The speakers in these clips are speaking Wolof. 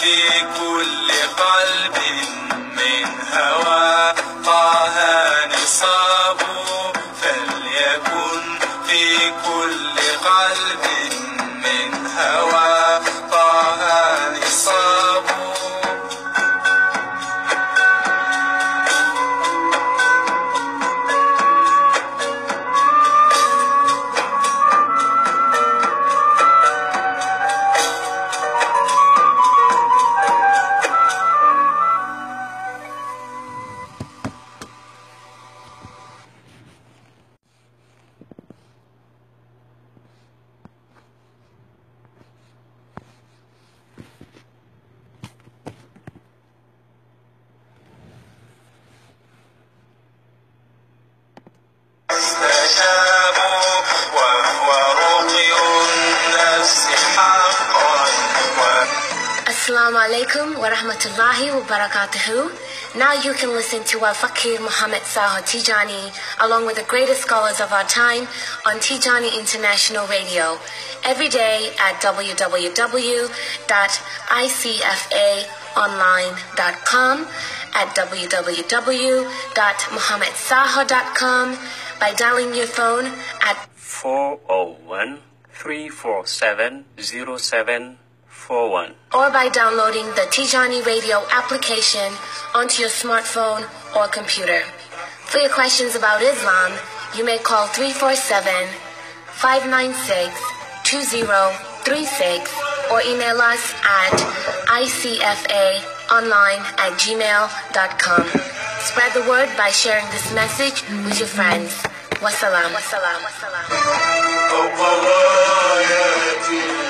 في كل قلب من هواه who? Now you can listen to our Fakir Muhammad Sahar Tijani along with the greatest scholars of our time on Tijani International Radio every day at www.icfaonline.com, at www.muhammadsahar.com, by dialing your phone at 401 347 07 941. Or by downloading the Tijani Radio application onto your smartphone or computer. For your questions about Islam, you may call 347 596 2036 or email us at icfaonline at gmail.com. Spread the word by sharing this message with your friends. Wassalam. Wassalam. Wassalam.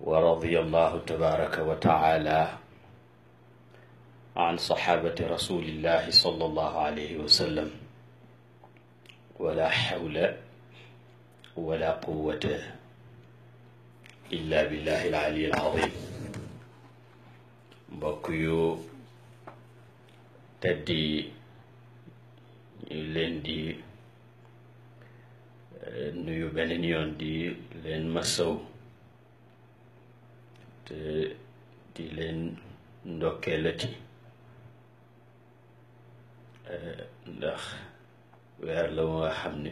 wa radiyallahu tabaraka wa taala an saxaabati rasulillahi sallallahu alayhi wa sallam wala xawla wala quwata illa billahi alali alazim mbokk yu teddi ñu leen di eh, nuyu beneen yoon di leen masaw te di leen ndokkeelati eh, ndax weer la mu nga xam ne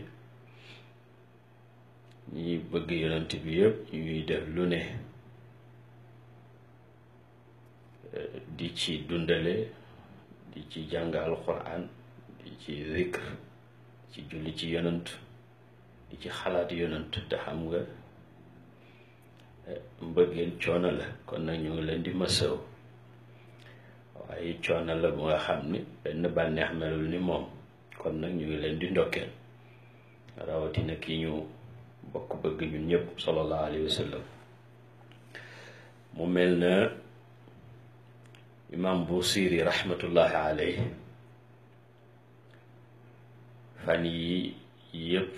ñi bëgg yonent bi yëpp ñuy def lu ne eh, di ci dundale di ci jàng alquran di ci zikr ci julli ci yonent di ci xalaat yonant te nga mbëggeel coono la kon nag ñu ngi leen di masaw waaye coono la bu nga xam ni benn bànneex melul ni moom kon nag ñu ngi leen di ndokkeel rawatina ki ñu bokk bëgg ñun ñëpp sallallahu alayhi wa mu mel na imaam Busiri rahmatullahi alayhi fan yi yëpp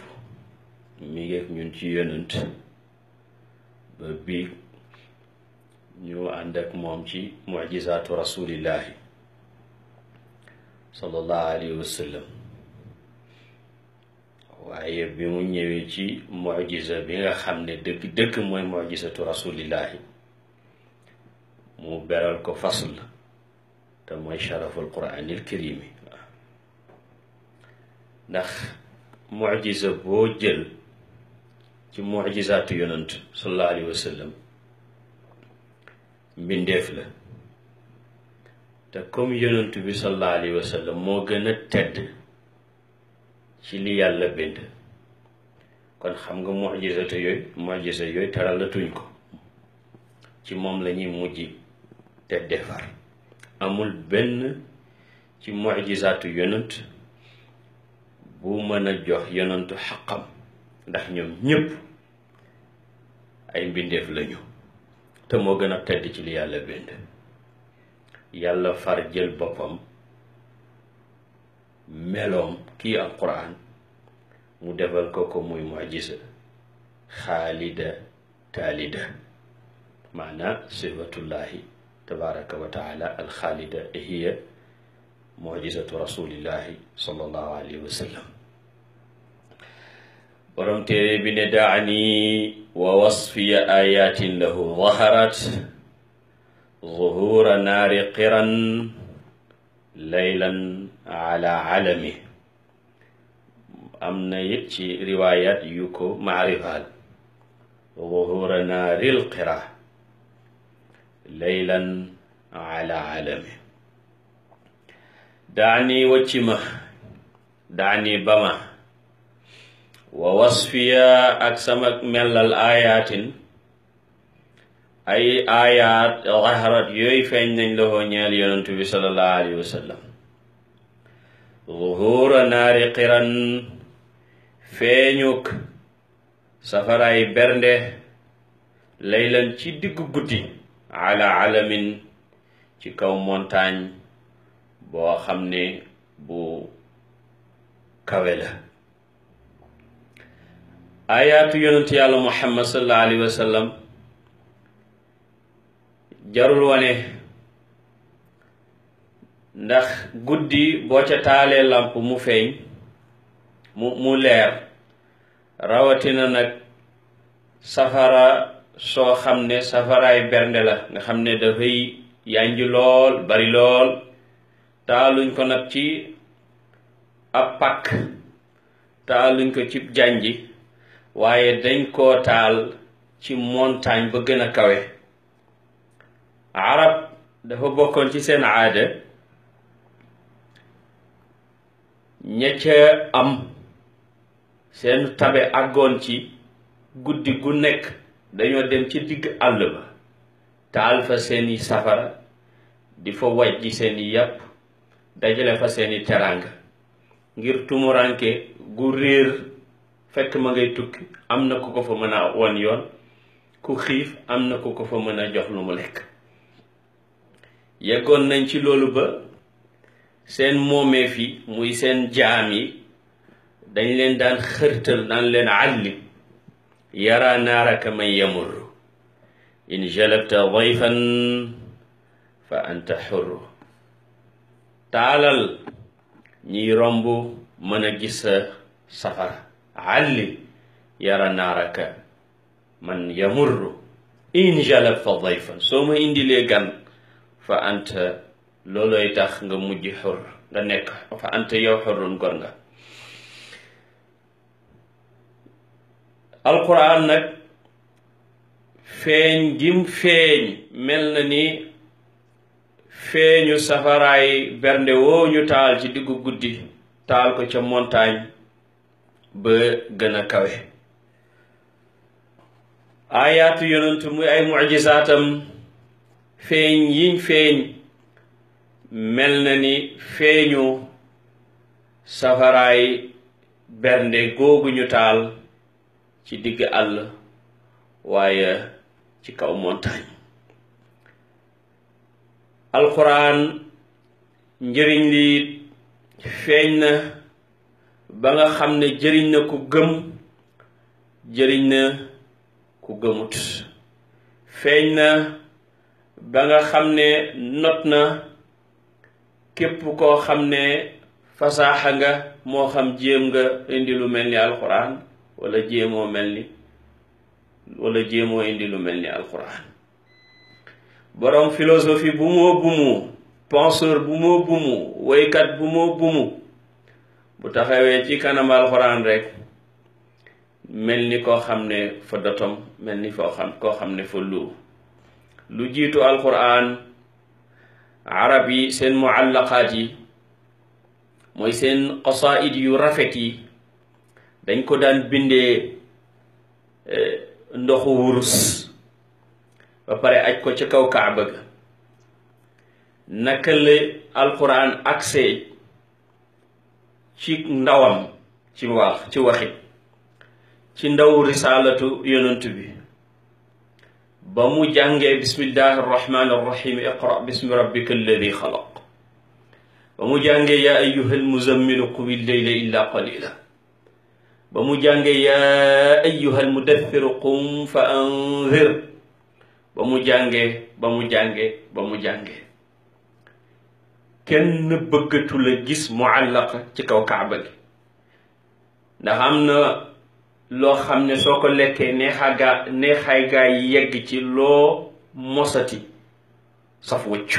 mi ngeeg ñun ci yonent ba biig ñu ànd ak moom ci mujizaatu rasulillahi sallallahu alayhi wa waaye bi mu ñëwee ci mujiza bi nga xam ne dëgg dëgg mooy mujizatu rasulillahi mu beral ko fasl te mooy sharaful quraanil karimi ndax mujiza boo jël ci mujizaatu yonant sallallahu alayhi wa la te comme yonant bi sallallahu alayhi moo gën a tedd ci li yàlla bind kon xam nga mujizaatu yooyu mujiza yooyu taralatuñ ko ci moom la ñuy mujj te amul benn ci mujizaatu yonant bu mën a jox yonantu xaqam ndax ñoom ñëpp ay mbindeef lañu te moo gën a tedd ci li yàlla bind yàlla far jël boppam meloom kii al quran mu defal ko ko muy mujisa xaalida taalida maanaa sifatullahi tabaraka wa taala alxaalida hiya mujisatu rasulillahi sallallahu alayhi wa sallam borom téere bi ne daani wa wasfiya ayatin lahu zaharat zuhura naari qiran laylan ala alami am na it ci riwayat yu ko maarifal zuhura naaril qira laylan ala alami daani wacci ma daani bama wa wasfiya ak sama mellal aayaatin ay ayat zaharat yooyu feeñ nañ loxoo ñeel yonentu bi sallallahu alayhi wa sallam naari qiran feeñuk safaraay bernde laylan ci diggu guddi ala alamin ci kaw montagne boo xam ne bu kawe ayaatu yonent yàlla muhammad sallallahu alayhi jarul wane ndax guddi boo ca taalee làmp mu feeñ mu mu leer rawatina nag safara soo xam ne safaraay bernde la nga xam ne dafay yànji lool bari lool taaluñ ko nag ci ab pakk taaluñ ko ci jànji waaye dañ koo taal ci montagne ba gën a kawe arab dafa bokkoon ci seen aada ña am seen tabe àggoon ci guddi gu nekk dañoo dem ci digg àll ba taal fa seeni safara di fa wajji seeni yàpp dajale fa seeni teraanga ngir tumuranke gu réer fekk ma ngay tukki am na ku ko fa mën a wan yoon ku xiif am na ku ko fa mën a jox lu mu lekk yeggoon nañ ci loolu ba seen moomeef yi muy seen jaam yi dañ leen daan xërtal nan leen àllim yara naaraka man yamur in jalabta dayfan fa anta xurru taalal ñiy romb mën a gis sa safara علم yara naaraka man yamurru in fa dayfan soo ma indilee gan fa anta loolooy tax nga mujj xur nga nekk fa anta yow xurrun gor nga alquran nag feeñ gim feeñ mel na ni feeñu safaraay bernde woo ñu taal ci diggu guddi taal ko ca montagne ba gën a kawe aayaatu muy ay mujisaatam feeñ yiñ feeñ mel na ni feeñu safaraay bernde googu ñu taal ci digg àll waaye ci kaw montagne alxuraan njëriñ li feeñ na ba nga xam ne jëriñ na ku gëm jëriñ na ku gëmut feeñ na ba nga xam ne not na képp koo xam ne fasaaxa nga moo xam jéem nga indi lu mel ni alxuraan walla jéemoo mel ni walla jéemoo indi lu mel ni alxuraan boroom philosophie bu moo bu mu bu moo bu woykat bu moo bu bu taxawee ci kanam alxuraan rek mel ni koo xam ne fa dotom mel ni foo xam koo xam ne fa lu lu jiitu alxuraan arab yi seen muallaqaat yi mooy seen qasaid yu rafet yi dañ ko daan bindee e, ndoxu wurus ba pare aj ko ci kaw kaaba ga naka la alxuraan accès ci ndawam ci wax ci waxit ci ndaw risaalatu yonent bi ba mu jàngee bismillahi arrahmani arrahim iqra bismi rabbika alladi xalaq ba mu jàngee yaa ayuha almuzammilu qumi lleyla illa qalila ba mu jàngee yaa ayuha almudathiru qum fa anzir ba mu jàngee ba mu jàngee ba mu jàngee kenn bëggatu la gis muallaqa ci kaw kaaba gi ndax am na loo xam ne soo ko lekkee neexaa neexaay gaa yi yegg ci loo mosati saf wëcc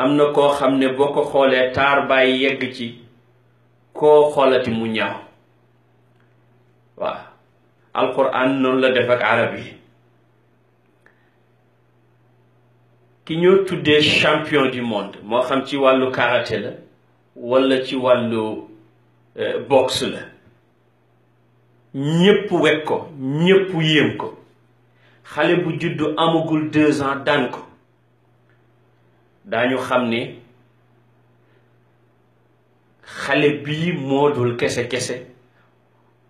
am na koo xam ne boo ko xoolee taar baay yegg ci koo xoolati mu ñaaw waaw alquran noonu la def ak arab yi ki ñoo tuddee champion du monde moo xam ci wàllu karaté la walla ci wàllu euh, boxe la ñépp wekk ko ñépp yéem ko xale bu juddu amagul deux ans daan ko daañu xam ni xale bii moo dul kese-kese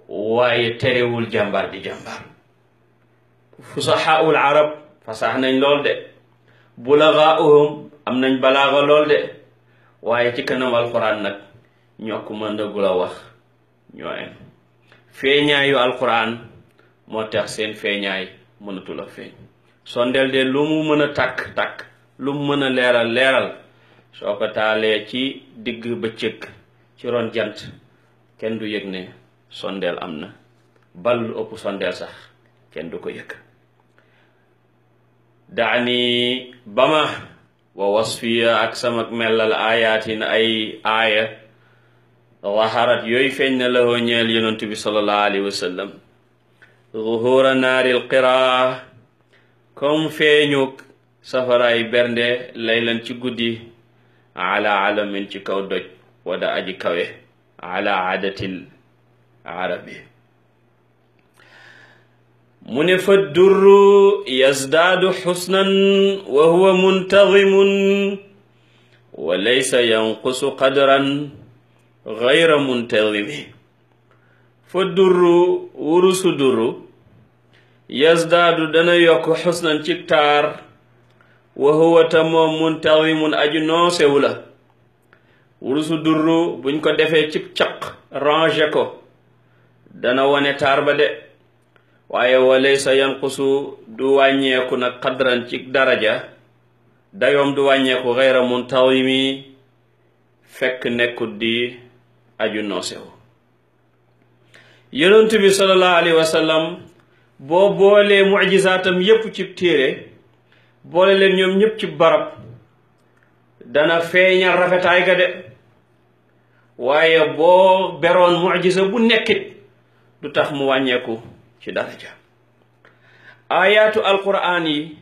waaye terewul jàmbaar di jàmbaar fusaxaaul arab fasax nañ lool de bulaxaa'uhum am nañ balaaxa lool de waaye ci kanam alxuraan nag ñoo ko mëndagul a wax ñoo am feeñaayu alxuraan moo tax seen feeñaay mënatul a feeñ sondeel de lu mu mën a takk takk lu mu mën a leeral leeral soo ko taalee ci digg bëccëg ci ron jant kenn du yëg ne sondeel am na bal lu ëpp sondeel sax kenn du ko yëg daani ba ma wa wasfiya ak sama melal ay aaya waharat yooyu feeñ na lahoo ñeel yonent bi sallallahu alayhi wa sallam zuhura naaril qiraa feeñuk safaraay bernde laylan ci guddi ala alamin ci kaw wada aji kawe ala aadatil arabi mu ne fa durru yazdaadu xusnan wa huwa muntazimun wa laysa yanqusu qadran gayra muntazimi fa durru wurusu durru yazdaadu dana yokk xusnan ci taar wa huwa ta moom muntazimun aju noosewu la wurusu durru buñ ko defee ci caq ranger ko dana wone taar ba de waaye walay sa yanqusu du wàññeeku nag xadran ci daraja dayoom du wàññeeku xeyra muntawimi fekk nekkut di aju noosewu yonent bi sallallahu alayhi wa boo boolee mujisaatam yépp ci téere boole leen ñoom ñépp ci barab dana feeñal rafetaay ga de waaye boo beroon mujisa bu nekkit du tax mu wàññeeku ci daraja ayaatu alquraan yi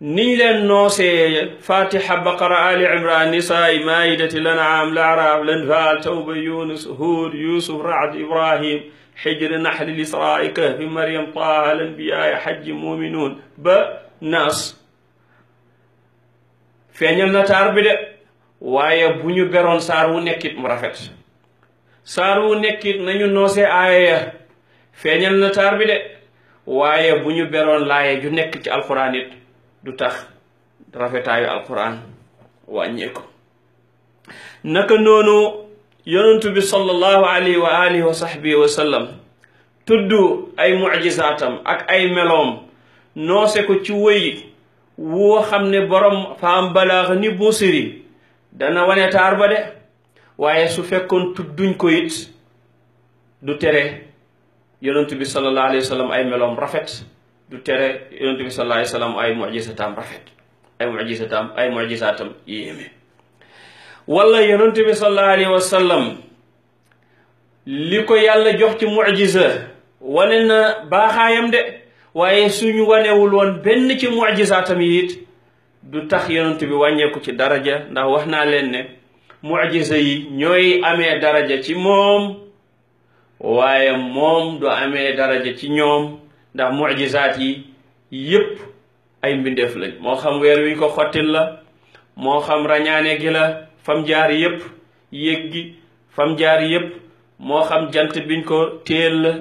niñ leen noosee fatiha baqara ali imran nisaai maidati lanaam laaraaf lanfaal tawba yunus huud yusuf raad ibrahim xijri naxli lisraai kahfi maryam taaha lanbiyaay xajji muminuun ba naas feeñal na taar bi de waaye bu ñu beroon saar wu nekkit mu rafet saar wu nekkit nañu noosee aaya feeñal na taar bi de waaye bu ñu beroon laaye ju nekk ci alxuraan du tax rafetaayu alxuraan wàññeeku naka noonu yonentu bi sallallahu alayhi wa alihi wa sahbihi ay mucjisaatam ak ay meloom noose ko ci wëy woo xam ne borom faam balaax ni buusiri dana wane taar de waaye su fekkoon tudduñ ko du tere yonent bi sallallahu alayhi ay meloom rafet du tere yonent bi sallallahu alayhi wa sallam ay mujisataam rafet ay mujisataam ay mujisaatam yéeme wala yonent bi sallallahu alayhi wa sallam li ko yàlla jox ci mujisa wane na baaxaayam de waaye suñu wanewul woon benn ci mujisaatam yi it du tax yonent bi wàññeeku ci daraja ndax wax naa leen ne mujisa yi ñooy amee daraja ci moom waaye moom du amee daraja ci ñoom ndax mujizaat yi yépp ay mbindeef lañ moo xam weer wi ko xottil la moo xam rañaane gi fam jaar yépp yéeg gi fam jaar yépp moo xam jant biñ ko téel la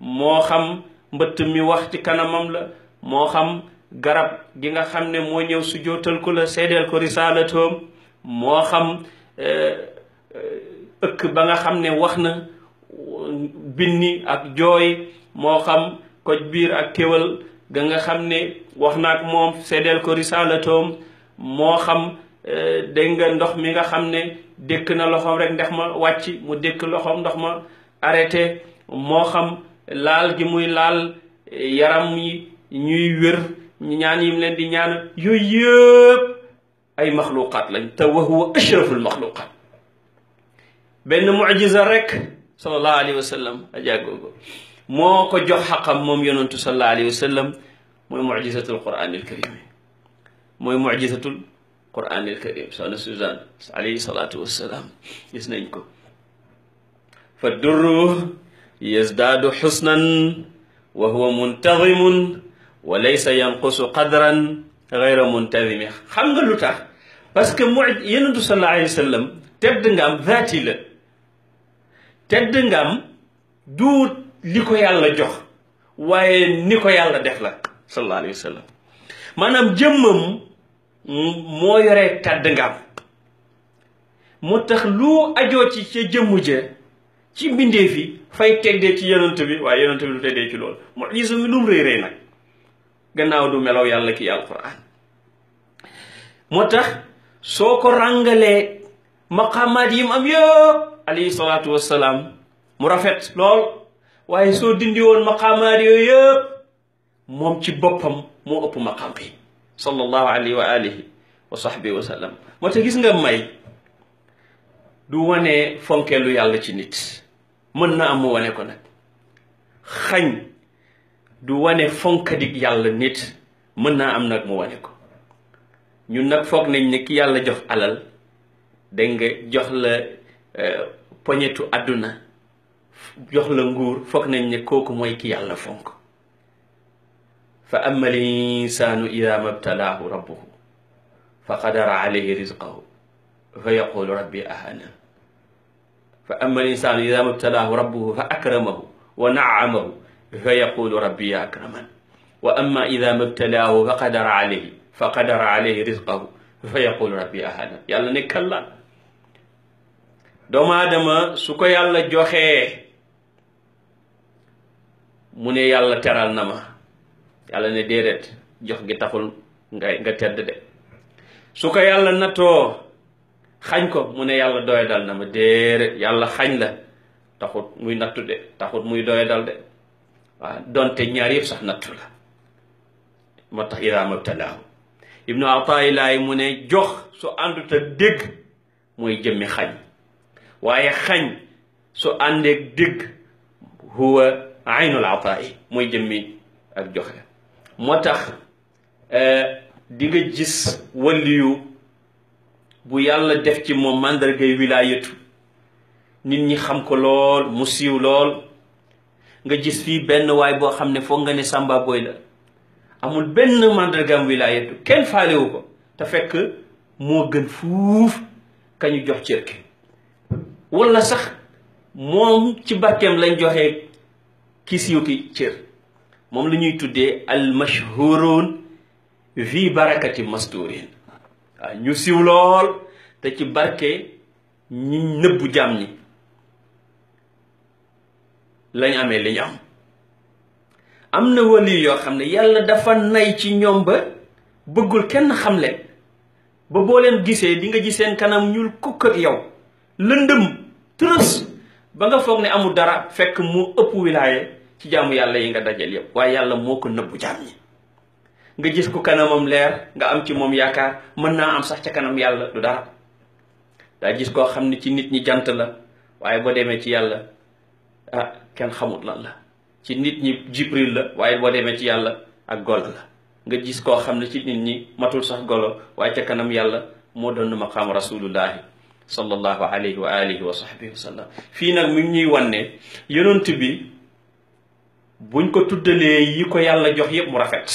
moo xam mbëtt mi wax ci kanamam la moo xam garab gi nga xam ne moo ñëw su jootal ko la seedeel ko risaalatoom moo xam eh, eh, ëkk ba nga xam ne wax na binni ak jooy moo xam koj biir ak kéwal ga nga xam ne wax naak moom seddeel ko risalatoom moo xam eh, dégg nga ndox mi nga xam ne dëkk na loxoom rek ndax ma wàcc mu dékk loxoom ndox ma arrêté moo xam laal gi muy laal eh, yaram yi ñuy wér ñaan yim leen di ñaan yooyu yëpp ay maxluqaat lañ te wa huwa ashraful maxluqaat benn mujiza rek sallallahu alayhi wa sallam a jàggoogo moo ko jox xaqam moom yonantu sallallahu alayhi wa sallam mooy mujizatul quraanil karim mooy mujizatul quraanil karim soxna Suzanne alayhi salaatu wassalaam gis nañ ko fa durru yazdaadu xusnan wa huwa muntazimun wa laysa yanqusu qadran gayra muntazimi xam nga lu tax parce que mu yonantu sallallahu alayhi wa sallam tedd nga am zaati la tedd ngam duut li ko yàlla jox waaye ni ko yàlla def la sallallahu wa sallam maanaam jëmmam moo yore tedd ngam moo tax lu ajoo ci ca jëmmu je ci mbindeef yi fay teddee ci yonent bi waaye yonent bi du teddee ci loolu moo isa mi lu mu rëy rëy nag gannaaw du melaw yàlla ki alquran moo tax soo ko ràngalee maqaamaat yi mu am yëpp mu rafet lool waaye soo dindi woon maqaamaat yooyu yëpp moom ci boppam moo ëpp maqaam bi sallallahu alayhi wa alihi wa sahbihi moo tax gis nga may du wane fonkeelu yàlla ci nit mën na am mu wane ko nag xañ du wane fonkadik yàlla nit mën na am nag mu wane ko ñun nag foog nañ ne ki yàlla jox alal dégg nga jox la euh, poñetu àdduna jox la nguur foog nañ ne kooku mooy ki yàlla fonk fa amma al insaanu ida mabtalaahu rabbuhu fa qadara alayhi rizqahu fa yaqulu rabbi ahana fa amma al insaanu ida mabtalaahu rabbuhu fa akramahu wa naamahu fa yaqulu rabbi akraman wa amma ida mabtalaahu fa qadara alayhi fa qadara alayhi rizqahu fa yaqulu rabbi ahana yàlla ne kalla doomu aadama su ko yàlla joxee mu ne yàlla teral na ma yàlla ne déedéet jox gi taxul nga nga tedd de su ko yàlla nattoo xañ ko mu ne yàlla doya dal na ma déedéet yàlla xañ la taxut muy nattu de taxut muy doya dal de waaw donte ñaar yëpp sax nattu la moo tax ida mabtalaahu ibnu ataailaayi mu ne jox su àndut a dégg mooy jëmmi xañ waaye xañ su àndeeg dégg huwa aynul ataa'i mooy jëmmi ak joxe moo tax e, di gis waliyu bu yàlla def ci moom màndargay wilaayatu nit ñi xam ko lool mu siiw lool nga gis fii benn waay boo xam ne foog nga ne Samba Boy la amul benn màndargaam wilaayatu kenn faalewu ko te fekk moo gën fuuf kañu jox cër ki wala sax moom ci barkeem lañ joxe ki siiw ki cër moom la ñuy tuddee al mashhuroon vi barakati masturin waaw ñu siw lool te ci barke ñi nëbbu jàmm ñi lañ amee li ñu am am na wali yoo xam ne yàlla dafa nay ci ñoom ba bëggul kenn xam leen ba boo leen gisee di nga ji seen kanam ñuul kukk yow lëndëm tërës ba nga foog ne amul dara fekk mu ëpp wilaaye ci jaamu yàlla yi nga dajal yëpp waaye yàlla moo ko nëbbu jaam ñi nga gis ku kanamam leer nga am ci moom yaakaar mën naa am sax ca kanam yàlla du dara daa gis koo xam ne ci nit ñi jant la waaye boo demee ci yàlla ah, kenn xamut lan la ci nit ñi jibril la waaye boo demee ci yàlla ak golo la nga gis koo xam ne ci nit ñi matul sax golo waaye ca kanam yàlla moo doon ma maqaam rasulullahi sallallahu alayhi wa alihi wa sahbihi wa sallam fii nag mi ngi ñuy wan ne yonent bi buñ ko tuddalee yi ko yàlla jox yépp mu rafet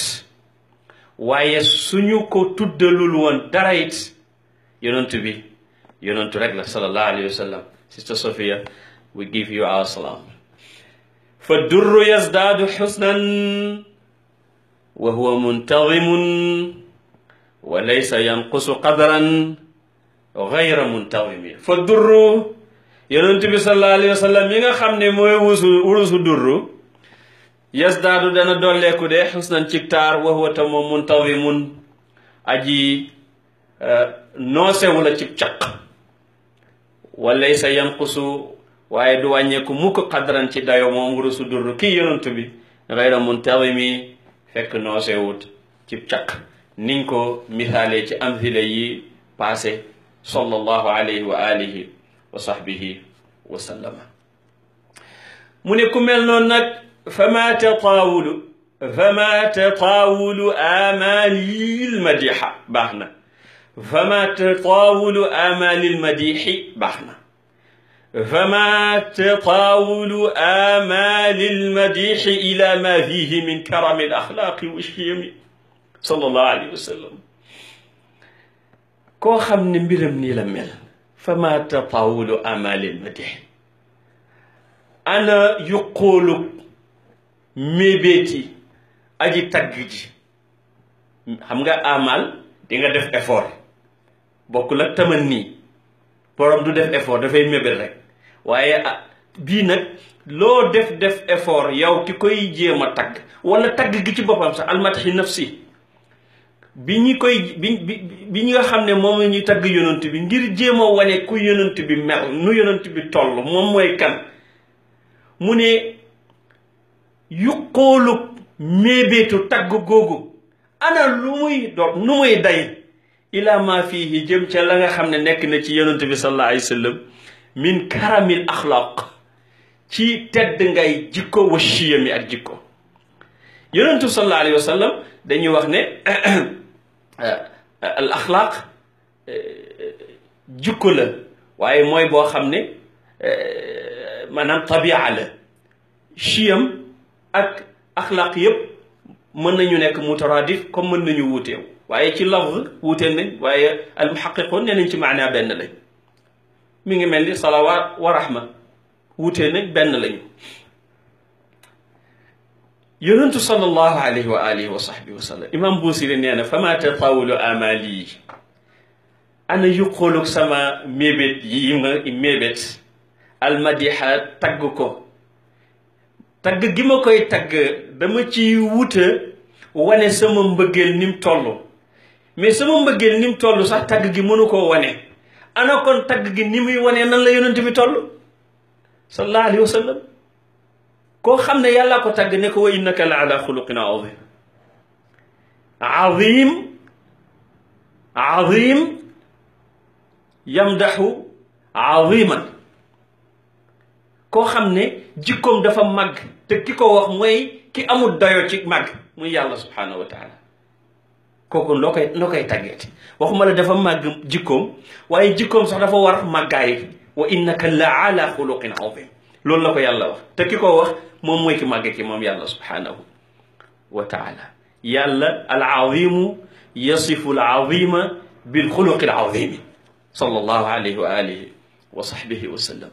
waaye suñu ko tuddalul woon dara it yonent bi yonent rek la sallallahu alayhi wa sallam sister Sophia we give you our salam fa durru yazdaadu xusnan wa huwa muntazimun wa laysa yanqusu qadran gayra muntawimi fa durru yonent bi sallallahu alayhi wa sallam mi nga xam ne mooy wusu wurusu yes yasdaadu dana dolleeku de xusnan ci taar wa huwa ta moom muntawimun aji e, noosewu wula ci caq walla walaysa yanqusu waaye du wàññeeku mukk xadran ci dayo moom wurusu durru kii yonent bi gayra muntawimi fekk wut ci caq niñ ko misaalee ci amthile yi passé sallallahu alayhi wa alihi wa sahbihi wa sallama mu ne ku mel noonu nag famaata taawulu famaata taawulu amalil madiha baax na famaata taawulu amalil madixi baax na فما تطاول آمال المديح إلى ما فيه من كرم الأخلاق والشيم صلى الله عليه وسلم koo xam ne mbiram nii la mel fa ma tatawulu amalil madih ana yuqoolu mébéeti aji tagg ji xam nga amal di nga def effort bokk la taman nii borom du def effort dafay mébét rek waaye ah, bii nag loo def def effort yow ki koy jéem a tagg wala tagg gi ci boppam sax almataxi si bi ñu koy bi bi ñi nga xam ne moom la ñuy tagg yonent bi ngir jéem a wane ku yonent bi mel nu yonent bi toll moom mooy kan mu ne yu xoolub tagg googu ana lu muy do nu muy day ila ma fiihi jëm ca la nga xam ne nekk na ci yonent bi sallallahu alayhi wa min karamil axlaq ci tedd ngay jikko wa chiyami ak jikko yonent bi sallallahu alayhi dañuy wax ne Euh, euh, al euh, jukko la waaye mooy boo xam ne maanaam tabia la chiyam ak axlaaq yépp mën nañu nekk mutaradif comme mën nañu wuuteew waaye ci lafz wuutee nañ waaye almuhaqiqoon ne nañ ci maanaa benn lañ mi ngi mel ni salawaat wa rahma wuutee nañ benn lañu yonentu sallallahu alayhi wa alihi wa sahbihi wa sallam imam Buusiri nee na fama tatawulu amali yi ana yuqoolug sama mébét yi ma mébét almadiha tagg ko tagg gi ma koy tagg dama ci wuta wane sama mbëggeel nim toll mais sama mbëggeel nim toll sax tagg gi mënu koo wane ana kon tagg gi ni muy wane nan la yonent bi toll sallallahu alayhi wa sallam koo xam ne yàlla ko tàgg ne ko wa innaka la ala xuluqin azim azim azim yamdaxu aziman koo xam ne jikkoom dafa màgg te ki ko wax mooy ki amul dayo ci màgg muy yàlla subhanahu wa taala kooku loo koy loo koy tàggeeti waxuma la dafa màgg jikkoom waaye jikkoom sax dafa war màggaay wa innaka la ala xuluqin azim loolu la ko yàlla wax te ki ko wax moom mooy ki màgg ki moom yàlla subhaanahu wa taala yàlla al azimu yasifu al azima bil xuluqi al azimi sallallahu alayhi wa alihi wa sahbihi wa sallam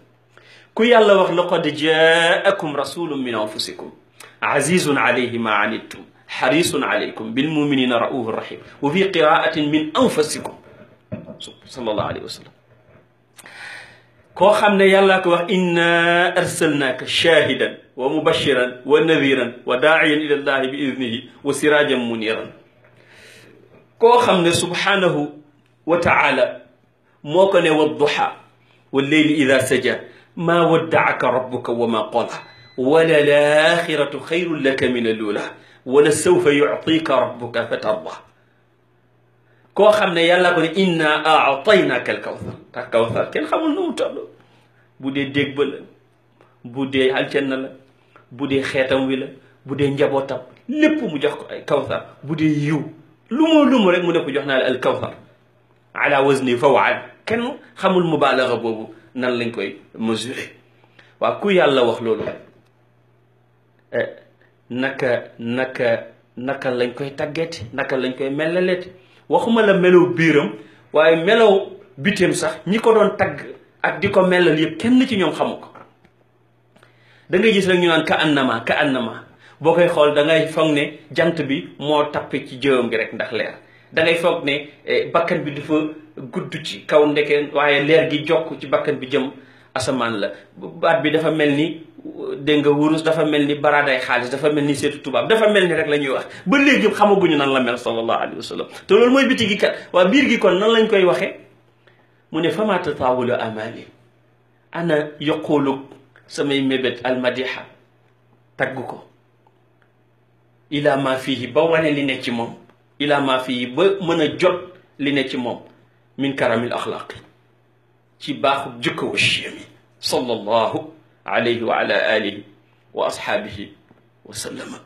ku yàlla wax laqad jaakum rasulun min anfusikum azizun alayhi ma anittum xarisun alaykum bil muminina raufu rahim wa fi qiraatin min anfusikum sallallahu alayhi wa sallam koo xam ne yàllaa ko wax inna arsalnaaka shaahidan wa mubashiran wa nadiran wa daaiyan ila llahi bi idnihi wa sirajan muniran koo xam ne subhanahu wa taala moo ko ne wa duha wa leyli ida saja maa waddaaka rabbuka wa ma qola wala laaxiratu xayrun laka min alula wala sawfa yuctika rabbuka fa tarda koo xam ne yàlla ko ne inna aataynaka al kawsar tax kawsar kenn xamul nu mu toll bu dee dégg ba bu dee aljanna la bu dee xeetam wi la bu dee njabootam lépp mu jox ko ay kawsar bu dee yiw lu mu mu rek mu ne ko jox naa la al kawsar ala wazni fawaal kenn xamul mubaalaga boobu nan lañ koy mesurer waaw ku yàlla wax loolu eh, naka naka naka lañ koy tàggeeti naka lañ koy melaleeti waxuma la melow biiram waaye melow bitim sax ñi ko doon tagg ak di ko melal yëpp kenn ci ñoom xamu ko da ngay gis rek ñu naan ka annama ka annama boo koy xool da ngay foog ne jant bi moo tappi ci jëwam gi rek ndax leer da foog ne eh, bakkan bi dafa gudd ci kaw ndeke waaye leer gi jokk ci bakkan bi jëm asamaan la baat bi dafa mel ni dégg nga wurus dafa mel ni baraaday xaalis dafa mel ni seetu tubaab dafa mel ni rek la ñuy wax ba léegi xamaguñu nan la mel sallallahu alayhi wa to te loolu mooy biti gi kat waa biir gi kon nan lañ koy waxe mu ne fama tatawulu amali ana yoqoolug samay mébét almadiha tagg ko ila ma fii ba wane li nekk ci moom ila ma fii ba mën a jot li nekk ci moom min karamil axlaqi ci baaxu jëkkawa chiami sallallahu alayhi wa ala alihi wa ashaabihi wa sallama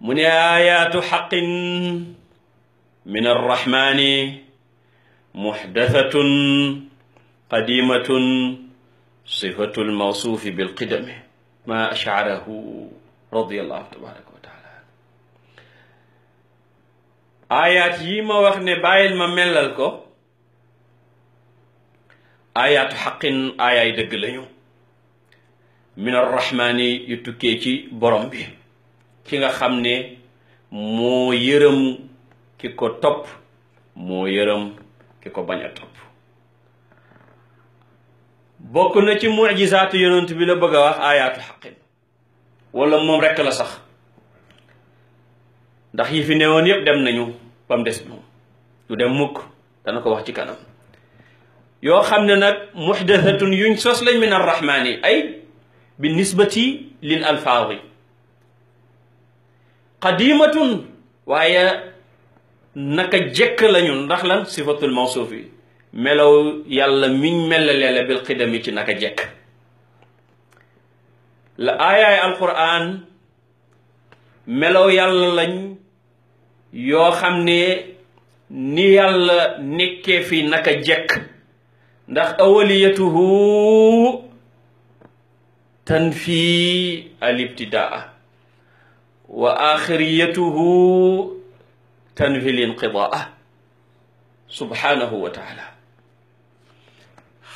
mu ne ayaatu xaqin min arrahmani muxdathatun qadimatun sifatu lmawsuufi bilqidami ma ashcarahu radiallahu tabaraka wa taala ayaat yi ma wax ne bàyyil ma mellal ko ayaatu xaqin aayaay dëgg lañu min arrahmaani yu tukkee ci borom bi ki nga xam ne moo yërëm ki ko topp moo yërëm ki ko bañ a topp bokk na ci mujizaatu yonent bi la bëgg a wax ayaatu xaqin wala moom rekk la sax ndax yi fi newoon yëpp dem nañu ba mu des moom du dem mukk dana ko wax ci kanam yoo xam ne nag muxdathatun yuñ sos lañ min arrahmaani ay bi nisbati lil alfaadi qadimatun waaye naka jekk lañu ndax lan sifatul mawsuuf melow yàlla miñ melalee la bil qidami ci naka jekk la aayaay alquran melow yàlla lañ yoo xam ne ni yàlla nekkee fi naka jekk ndax awaliyatuhu tanfi alibtidaa wa axiriyatuhu tanfi linqidaa subhanahu wa taala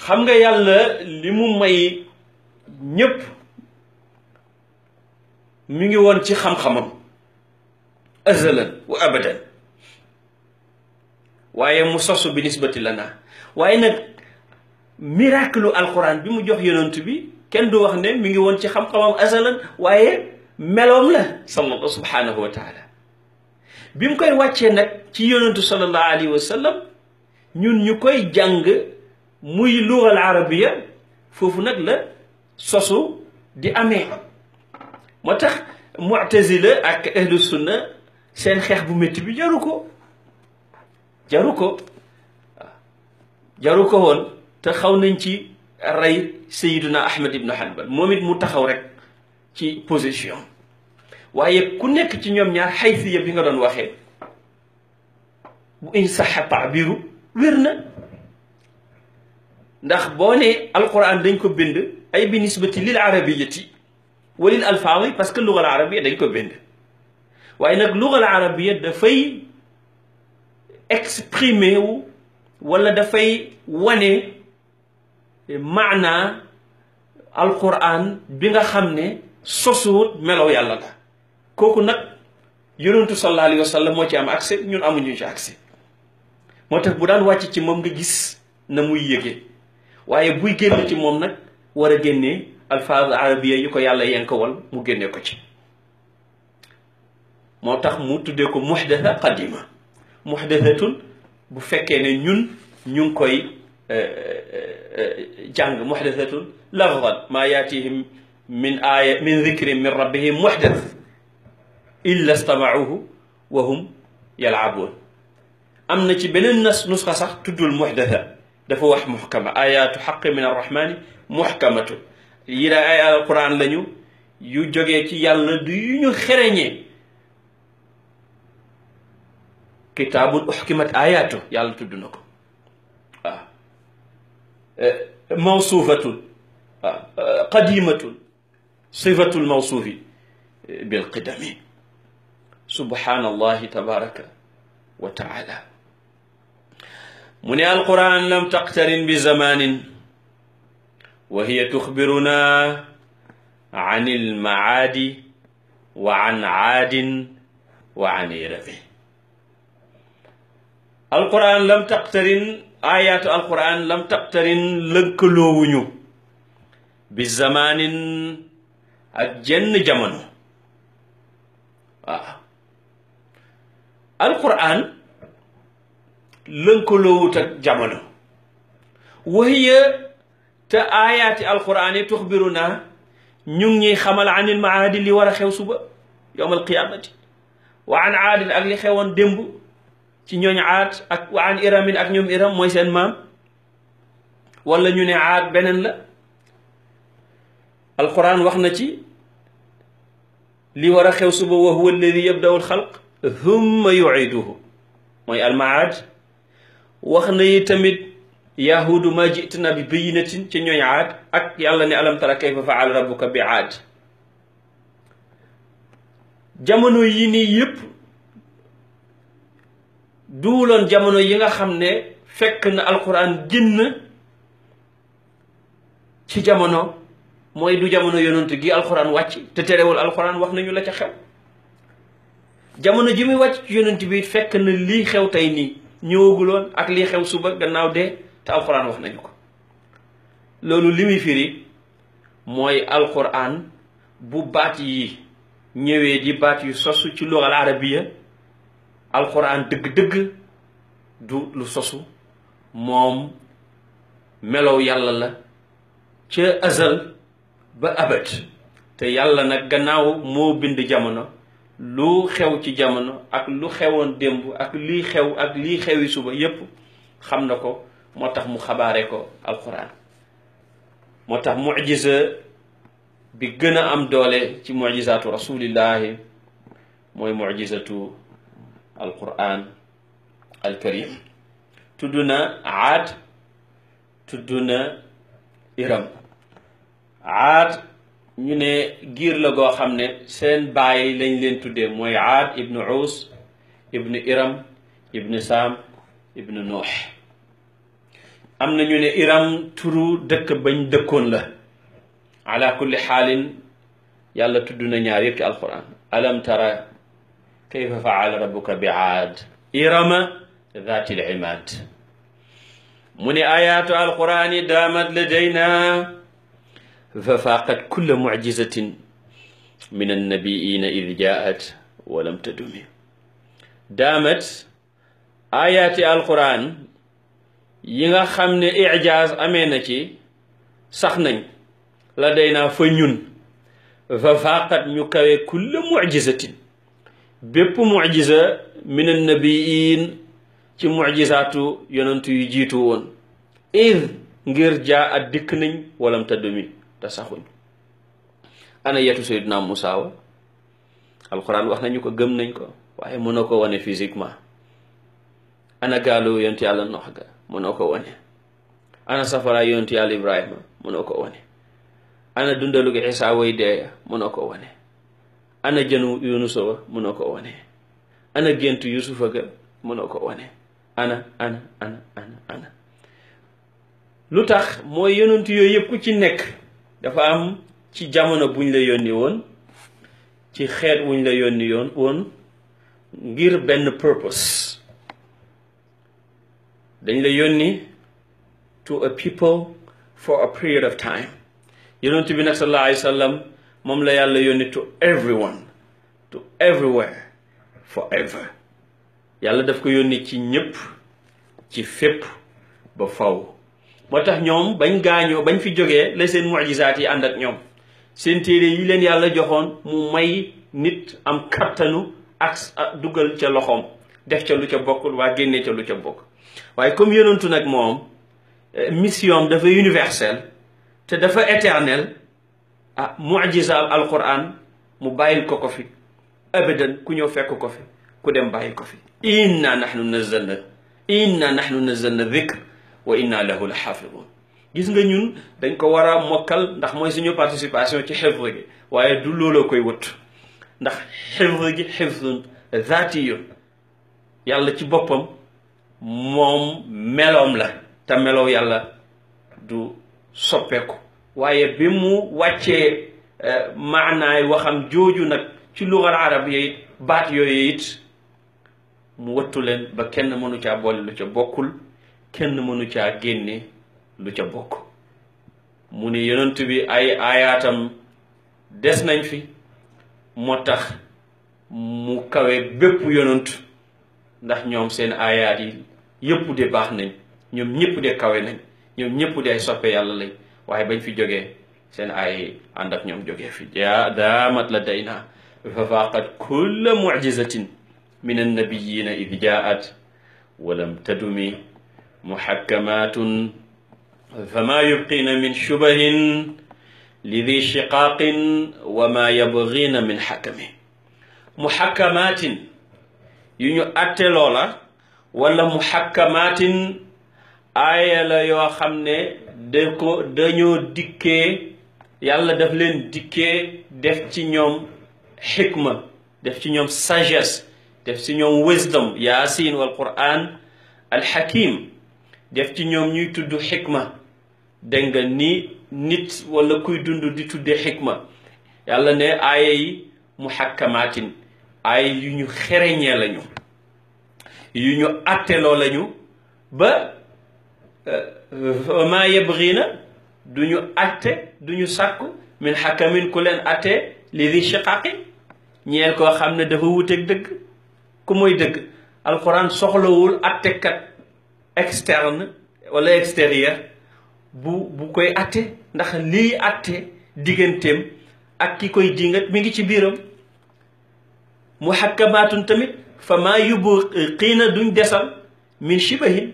xam nga yàlla li mu may ñépp mi ngi woon ci xam-xamam azalan wa abadan waaye mu sosu bi nisbati lana waaye nag miracle alquran bi mu jox yonent bi kenn du wax ne mi ngi woon ci xam-xamam asalan waaye meloom la sallallahu subhanahu wa taala bi mu koy wàccee nag ci yonentu sallallahu alayhi wa ñun ñu koy jàng muy lugal arabiya foofu nag la sosu di amee moo tax mu'tazila ak ahlu sunna seen xeex bu metti bi jaru ko jaru ko jaru ko woon te xaw nañ ci rey Seydina Ahmed ibn Hanbal moom it mu taxaw rek ci position waaye ku nekk ci ñoom ñaar xaysiya bi nga doon waxee bu in saxa taabiru wér na ndax boo ne alquran dañ ko bind ay bi nisbati lil arabiyati walil alfaadi parce que lugal arabiya dañ ko bind waaye nag lugal arabiya dafay exprimer wu dafay wane maanaa alquran bi nga xam ne sosuwut melow yàlla la kooku nag yonentu sallallahu alayhi wa moo ci am accès ñun amuñu ci accès moo tax bu daan wàcc ci moom nga gis na muy yëge waaye buy génn ci moom nag war a génne alfaaz arabiya yi ko yàlla yenkawal mu génne ko ci moo tax mu tuddee ko muhdasa qadima muhdasatul bu fekkee ne ñun ñu koy Eh, eh, eh, jàng muxdasatun lafdan maa yaatihim min aaya min dikrin min rabbihim muxdas illa stamauhu wa hum yalaabuun am na ci beneen nas nusxa sax tuddul muxdasa dafa wax muxkama ayaatu xaqi min arrahmani muxkamatu yi da ay alquran lañu yu jógee ci yàlla du yu ñu xereñee kitaabun uxkimat ayaatu yàlla tudd na ko Eh, mawsuufatun ah, eh, qadimatun sifatul mawsuufi eh, bilqidami subhanallahi tabaraka wa taala mu ne alquran lam taqtarin bi zamanin wa hiya tuxbiruna an ilmaadi wa an aadin wa an irami alquran lam taqtarin ayaatu alquran lam tabtarin lëkkaloowuñu bi zamanin ak jenn jamono waaw alquran lënkaloowut ak jamono wahiya te ayaati alquran yi tuxbiruna ñu ngi ñuy xamal an il maadi li war a xew suba yowm alqiyamati wa an aadin ak li xewoon démb ci ñooñ aat ak waan iramin ak ñoom iram mooy seen maam wala ñu ne aat beneen la alquran wax na ci li war a xew suba wa huwa alladi yabdau alxalq humma yuiduhu mooy wax na yi tamit yahudu ma jitina bi bayinatin ci ñooñ aad ak yàlla ne alam tara kayfa faala rabbuka bi aad jamono yi nii yëpp duuloon jamono yi nga xam ne fekk na alquran génn ci jamono mooy du jamono yonent gi alxuraan wàcc te terewul alquran wax nañu la ca xew jamono ji muy wàcc ci yonent bi fekk na lii xew tey nii ñëwaguloon ak lii xew suba gannaaw dee te alquran wax nañu ko loolu li muy firi mooy alquran bu baat yi ñëwee di baat yu sosu ci lugal arabiya alxuraan dëgg-dëgg du lu sosu moom melow yàlla la ca azal ba abad te yàlla nag gannaaw moo bind jamono lu xew ci jamono ak lu xewoon démb ak liy xew ak lii xewi suba yépp xam na ko moo tax mu xabaare ko alxuraan moo tax mujisa bi gën a am doole ci mujisaatu rasulillahi mooy mujisatu alquran alkarim tudd na aad tudd na iram aad ñu ne giir la goo xam ne seen bàyyi lañ leen tuddee mooy aad ibnu uus ibnu iram ibnu saam ibnu nuux am na ñu ne iram turu dëkk bañ dëkkoon la ala kulli xaalin yàlla tudd na ñaar yëpp ci alquran alam tara kayfa faala rabbuka bi aad irama zaati l imaad mu ne ayaatu alqurani daamat ladayna fa faaqat kulla mucjizatin min annabiina id jaat walam tadumi daamat ayaati alquran yi nga xam ne ijaaz amee na ci sax nañ la day naa fa ñun fa faaqat ñu kawe kulla mucjizatin bépp mujisa min annabiyin ci mujisaatu yonentu yu jiitu woon id ngir jaa at dikk nañ walam taddumi te saxuñ ana yetu sayyidina Musaa wa alquran wax nañu ko gëm nañ ko waaye mënoo ko wane physiquement ana gaalu yontu yàlla nox ga ko wane ana safara yontu yàlla ibrahima mënoo ko wane ana dundalu gi Isaa way deeya mënoo ko wane ana jënu yunusa wa mënoo ko wane ana géntu yusufa ga mënoo ko wane ana ana ana ana lu tax mooy yonent yooyu yëpp ku ci nekk dafa am ci jamono buñ la yónni woon ci xeet wuñ la yónni yoon woon ngir benn purpose dañ la yónni to a people for a period of time yonent bi nag sallallahu alayhi moom la yàlla yónni to everyone to everywhere forever yàlla daf ko yónni ci ñépp ci fépp ba faw moo tax ñoom bañ gaañoo bañ fi jógee la seen mujizaat yi ànd ak ñoom seen téere yi leen yàlla joxoon mu may nit am kattanu ak dugal ca loxoom def ca lu ca bokkul waa génnee lu ca bokk waaye comme yonentu nag moom eh, mission dafa universelle te dafa éternel ah mujisa alquran mu bàyyil ko ko fi abadan ku ñëw fekk ko fi ku dem bàyyi ko fi inna nahnu nazalna inna nahnu nazalna dhikr wa inna lahu la xaafidun gis nga ñun dañ ko war a mokkal ndax mooy suñu participation ci xifd gi waaye du looloo koy wut ndax xifd gi xifdun zaatiyun yàlla ci boppam moom meloom la te melow yàlla du soppeeku waaye bi mu wàccee eh, maanaay waxam jooju nag ci lugal arab yi it baat yooyu it mu wattu leen ba kenn mënu caa boole lu ca bokkul kenn mënu caa génne lu ca bokk mu ne yonent bi ay aayaatam des nañ fi moo tax mu kawe bépp yonent ndax ñoom seen aayaat yi yëpp de baax nañ ñoom ñëpp de kawe nañ ñoom ñëpp de ay soppe yàlla lañ waaye bañ fi jógee seen ay ànd ak ñoom jógee fi ja daamat la day na fa faaqat kulla mujizatin min annabiyina id jaat walam tadumi muhakkamatun fama yubqina min shubahin lidi shiqaaqin wa ma yabghina min xakami muhakkamaatin yu ñu atte loola wala muhakkamaatin aaya la yoo xam ne da ko dañoo dikkee yàlla daf leen dikkee def ci ñoom xikma def ci ñoom sages def ci ñoom wisdom yaasin wal quran alxakim def ci ñoom ñuy tudd xikma dégg nga ni nit wala kuy dund di tuddee xikma yàlla ne aaya yi muhakkamaatin aaya yu ñu xereñee lañu yu ñu atteloo lañu ba Euh, maa yabgiina du ñu atte du ñu sàkku min xakamin ku leen attee li di shiqaqi ñeel koo xam ne dafa wuteeg dëgg ku mooy dëgg alquran soxlawul attekat externe wala extérieur bu bu koy atte ndax lii atte digganteem ak ki koy dingat mi ngi ci biiram mu muhakkamaatun tamit fa maa yubqiina duñ desal min shibahin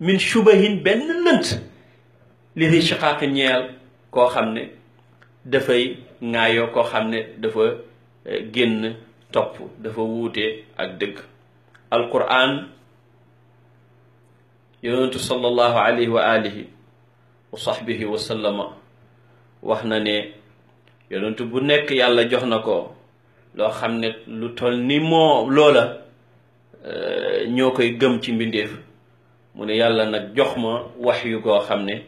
min shubahin benn lënt li di shiqaaqi koo xam ne dafay ŋaayoo koo xam ne dafa eh, génn topp dafa wuute ak dëgg alquran yonentu sallallahu alayhi wa alihi wa sahbihi wa sallama wax na ne yonentu bu nekk yàlla jox na ko loo xam ne lu tol ni moo loola eh, ñoo koy gëm ci mbindeef mu ne yàlla nag jox ma wax yu goo xam ne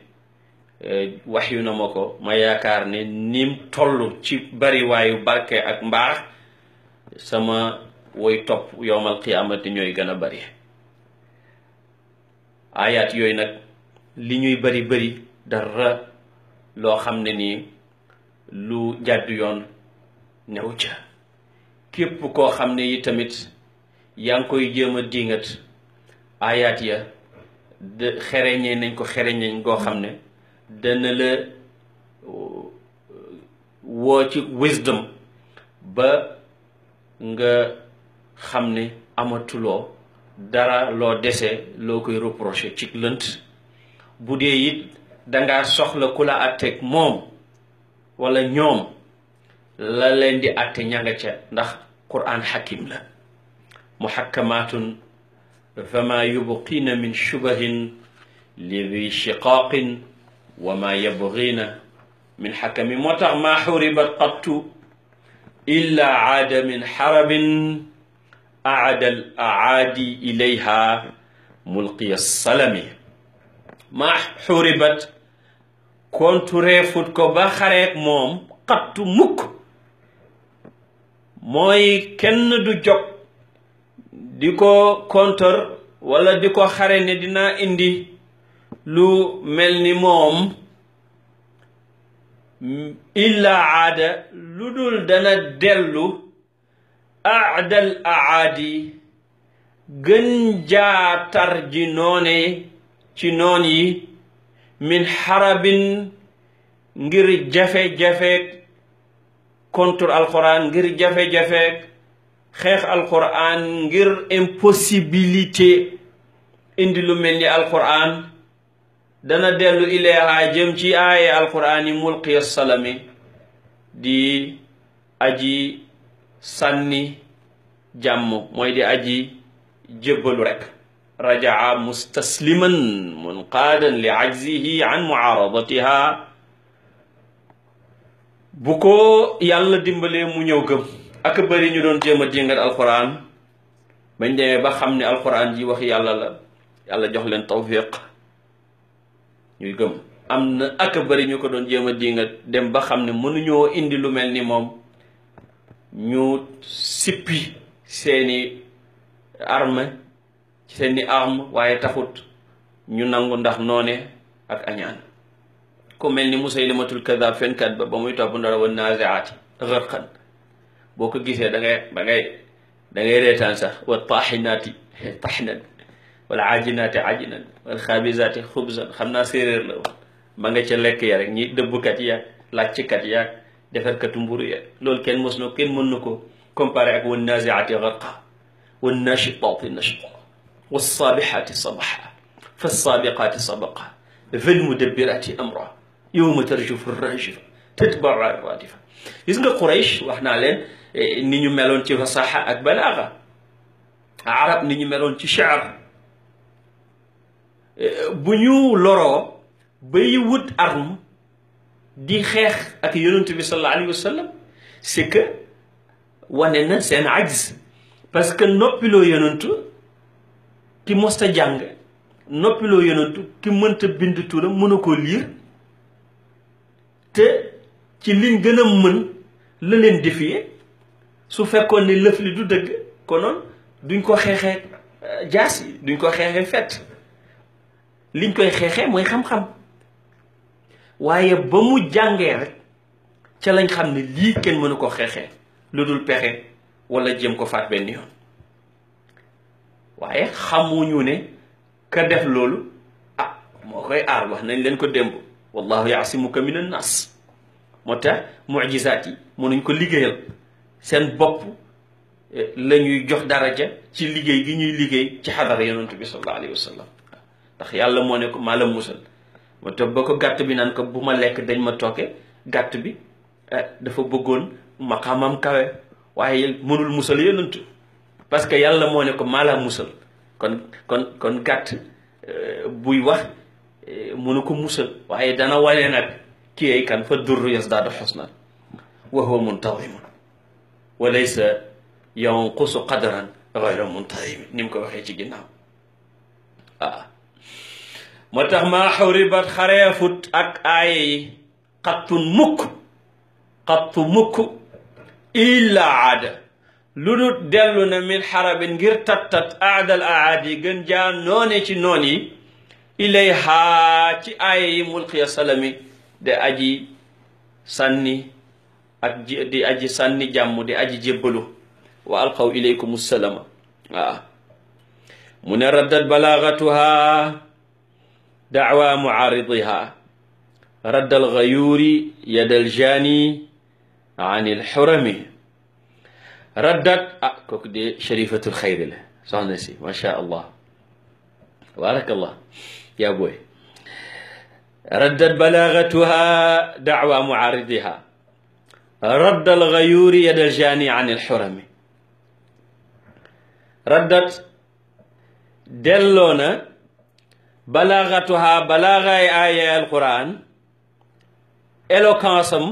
e, wax yu na ma ko ma yaakaar ne nim toll ci bariwaayu barke ak mbaax sama woy topp yowmal qiyaamati ñooy gën a bari ayaat yooyu nag li ñuy bari bari dara loo xam ne nii lu jàddu yoon new ca képp koo xam ne yi tamit yaa ngi koy jéem a diingat ayaat ya de xereñee nañ ko xereñeñ goo xam ne dana la uh, woo ci wisdom ba nga xam ne amatuloo dara loo dese loo koy reproché ci lënt bu dee it danga soxla ku la àtteeg moom wala ñoom la leen di àtte ña ca ndax Qur'an xakim la muhakkamaatun فما يبقين من شبه لذي شقاق وما يبغين من حكم moo tax ما حربت قط إلا عاد من حرب أعد الأعادي إليها ملقي السلم ما حربت kontu reefut ko ba xareek moom xattu mukk mooy kenn du jóg diko ko wala di ko xare ne dinaa indi lu mel ni moom illa aada lu dul dana dellu aadal aadi gën jaatar ji noone ci noon yi min xarabin ngir jafe jafe contre alquran ngir jafe jafe xeex alquran ngir impossibilité indi lu mel ni alquran dana dellu ileeha jëm ci aaye alquran yi mulqiya di aji sànni jàmm mooy di aji jébbalu rek rajaa mustasliman munqaadan li ajzihi an muaaradatiha bu ko yàlla dimbalee mu ñëw gëm ak bëri ñu doon jéem a jéngat alquran bañ demee ba xam ne alquran ji wax yàlla la yàlla jox leen tawfiq ñuy gëm am na ak bëri ñu ko doon jéem a jéngat dem ba xam ne mënuñoo indi lu mel ni moom ñu sippi seeni arme seeni arme waaye taxut ñu nangu ndax noone ak añaan ku mel ni musaylimatul kadab fenkat ba ba muy topp ndara wa naaziaati xërqan boo ko gisee da ngay da ngay da ngay reetaan sax wa taaxinaati taxnan wala ajinaati ajinan wala xaabisaati xubsan xam naa séeréer la woon ma nga ca lekk ya rek ñi dëbbkat yaag làcckat yaag defarkatu loolu kenn mos na kenn mën na ko comparé ak wan naziaati garqa wan nachitaati nachita wa saabixaati sabaxa fa saabiqaati sabaqa fal mudabbiraati amra yowma tarjufu rajifa tatbaa radifa gis wax naa leen ni ñu meloon ci fasaxa ak balaaxa arab ni ñu meloon ci chaar bu ñu loroo bay wut arme di xeex ak yonent bi sallallahu alayhi wa sallam c'est que wane na seen ajz parce que noppiloo yonentu ki mosta jàng noppiloo yonentu ki mënta bind turam mën a liir te ci liñ gën a mën la leen défier su fekkoon ne lëf li du dëgg konoon duñ ko xeexee euh, jaas yi duñ ko xeexee fet liñ koy xeexee mooy xam-xam waaye ba mu jàngee rek ca lañ xam ne lii kenn mënu ko xeexee lu dul pexe wala jëm ko faat benn yoon waaye xamuñu ne ka def loolu ah moo koy aar wax nañ leen ko démb wallahu yaasimuka min an nas moo tax mujisaat yi mënuñ ko liggéeyal seen bopp eh, la ñuy jox daraja ci liggéey gi ñuy liggéey ci xadara yonent bi sallallahu alayhi wa sallam ndax yàlla moo ne ko maa la musal moo tax ba ko gàtt bi naan ko bu ma lekk dañ ma tooke gàtt bi eh, dafa bëggoon maqaamam kawe waaye mënul musal yonent parce que yàlla moo ne ko maa la musal kon kon kon gàtt eh, buy wax mënu ko musal waaye dana wane nag kii ay kan fa durru yasdaadu xusnan wa huwa muntazimun walaysa yanqusu qadaran gayra muntadimi ni mu ko waxee ci ginnaaw waaw moo tax maa xawribat xareefut ak aaye yi xattun mukk xattu mukk illa aada lu dul dellu na min xarabin ngir tattat aadal aad yi gën jaa noone ci noon yi ilayha ci aaye yi mulqiya salami de aji sànni ak di aji sànni jàmm di aji jébbalu wa alqaw ilaykum salama waaw mu ne raddat balaagatuha daawa muaaridiha radd alxayuuri yad aljaani an alxurami raddat ah kooku de sharifatul xayri la soxna si macha allah tabarakallah yaa booy raddat balaagatuha daawa muaaridiha radd al gayuuri yad al jaani an il xurami raddat delloo na balaaxatuhaa balaaxaay aaya alquran éloquence am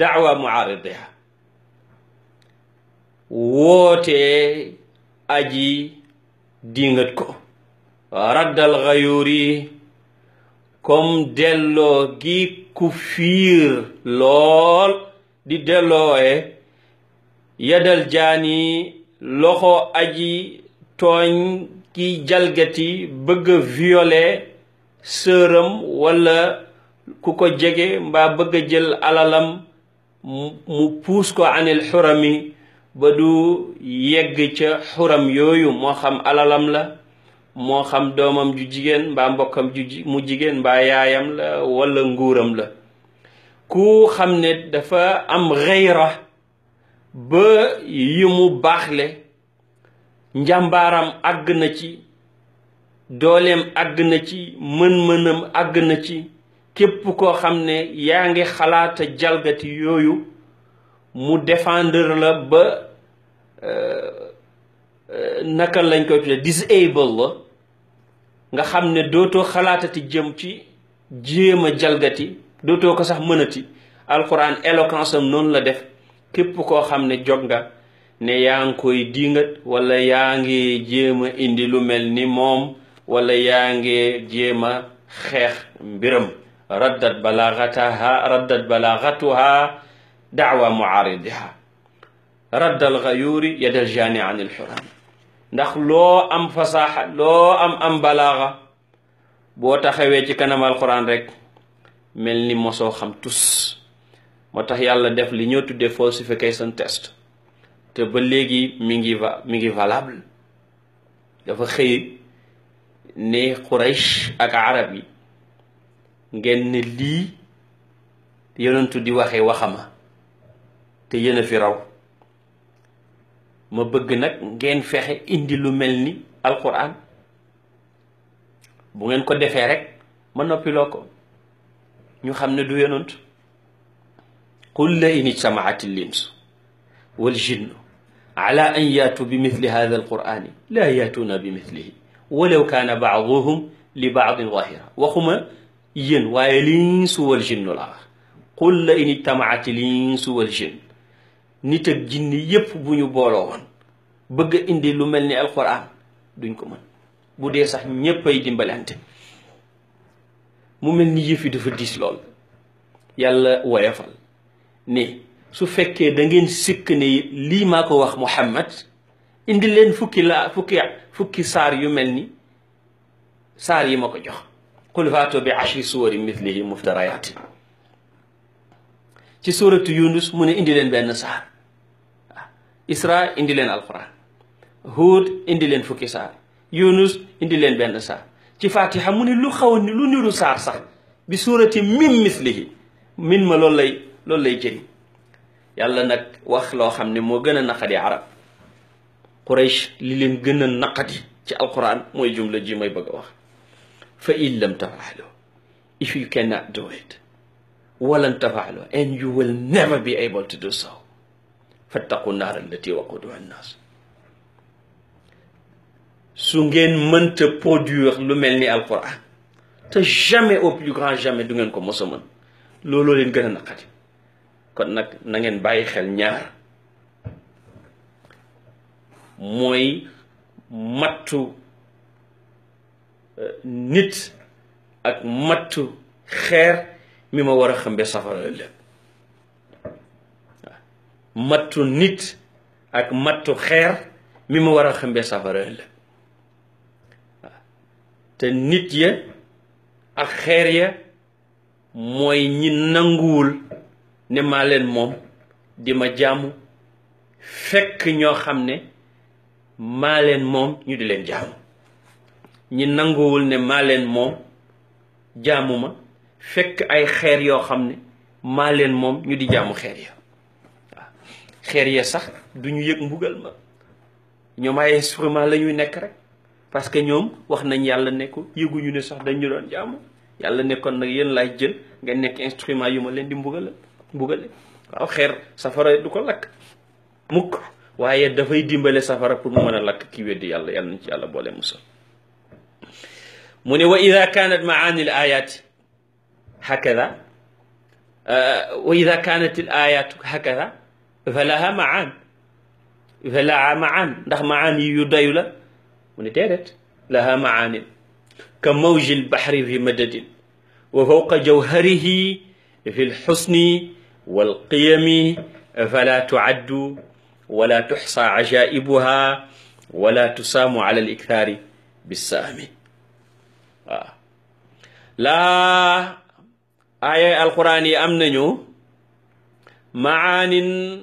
daawa muaaridiha wootee aji dingat ko raddal gayuuri comme delloo gi ku fiir lool di delloowe yadal jaani loxo aji tooñ ki jalgati bëgg a violer walla ku ko jege mbaa bëgga jël alalam mu puus ko anil xurami ba du yegg ca xuram yooyu moo xam alalam la moo xam doomam ju jigéen mbaa mbokkam ju mu jigéen mbaa yaayam la wala nguuram la ku xam ne dafa am xayra ba yi mu baaxle njàmbaaram àgg na ci dooleem àgg na ci mën-mënam àgg na ci képp koo xam ne yaa ngi xalaata jalgati yooyu mu défendre la ba euh, Euh, naka lañ koy tuddee disable nga xam ne dootoo xalaatati jëm ci jéem a jalgati dootoo ko sax mënati alquran éloquence am noonu la def képp koo xam ne jog nga ne yaa ngi koy dingat wala yaa ngi jéem a indi lu mel ni moom wala yaa ngi jéem a xeex mbiram raddat balaagataha raddat balaagatuha daawa muaaridiha raddal gayuuri yadal jaani an ilxuraam ndax loo am fasaaxa loo am am balaaxa boo taxawee ci kanam alquran rek mel ni mosoo xam tus moo tax yàlla def li ñoo tuddee falsification test te ba léegi mi ngi va valable dafa xëy ne Quraysh ak arab yi ngeen ne lii yonentu di waxee waxama te yéen a fi raw ma bëgg nag ngeen fexe indi lu mel ni alquran bu ngeen ko defee rek ma noppiloo ko ñu xam ne du yonant qul la in ijtamaat al-insu wal jinnu ala an yaatu bi mithli hadha alqurani laa yaatuuna bi mithlihi walaw kaana baaduhum li baadin zahira waxuma yéen waaye linsu wal jinnu laa wax qul la in ijtamaat al-insu wal jinnu nit ak jinni yépp bu ñu booloo woon bëgg indi lu mel ni alquran duñ ko mën bu dee sax ñépp ay dimbalante mu mel ni yëf yi dafa diis lool yàlla woyafal ni su fekkee da ngeen sikk ne lii maa ko wax Muhammad indi leen fukki laa fukki saar yu mel ni saar yi ma ko jox qul faatu bi ashri suwari mithlihi muftarayaatin ci suuratu yunus mu ne indi leen benn saar isra indi leen alquran huud indi leen fukki saar yunus indi leen benn saar ci fatiha mu ne lu xaw ni lu niru saar sax bi suurati min mislihi min ma loolu lay loolu lay yàlla nag wax loo xam ne moo gën a naqadi arab quraish li leen gën a naqadi ci alquran mooy jumla ji may bëgg a wax fa in lam tafaalu if you cannot do it walan tafaalu and you will never be able to do so fattaqu naar allati waquduha annaas su ngeen mënta produire lu mel ni alquran te jamais au plus grand jamais du ngeen ko mos a looloo leen gën a naqati kon nag na ngeen bàyyi xel ñaar mooy mattu nit ak mattu xeer mi ma war a xambe safara la mattu nit ak mattu xeer mi mu war a xëmbee safara la te nit ya ak xeer ya mooy ñi nanguwul ne maa leen moom di ma jaamu fekk ñoo xam ne maa leen moom ñu di leen jaamu ñi nanguwul ne maa leen moom jaamu ma fekk ay xeer yoo xam ne maa leen moom ñu di jaamu xeer ya xeer yee sax du ñu yëg mbugal ma ñoom ay instrument la nekk rek parce que ñoom wax nañ yàlla ne ko yëguñu ne sax dañu doon jaamu yàlla nekkoon nag yéen laay jël nga nekk instrument yu ma leen di mbugala mbugale waaw xeer safara du ko lakk mukk waaye dafay dimbale safara pour mu mën a lakk ki weddi yàlla yàlla nañ ci yàlla boole musal mu ne wa ida kanat maani l ayaati hakada wa ida kanat l ayaatu falaha maan falaha maan ndax maan yi yu doyu la mu ne déedéet laha maanin ka mawji lbahri fi madadin wa fawqa jawharihi fi lxusni walqiyami fala tuaddu wala tuxsa ajaibuha wala tusaamu ala aliktaari bissaami waaw laa aaya alquran yi am nañu maanin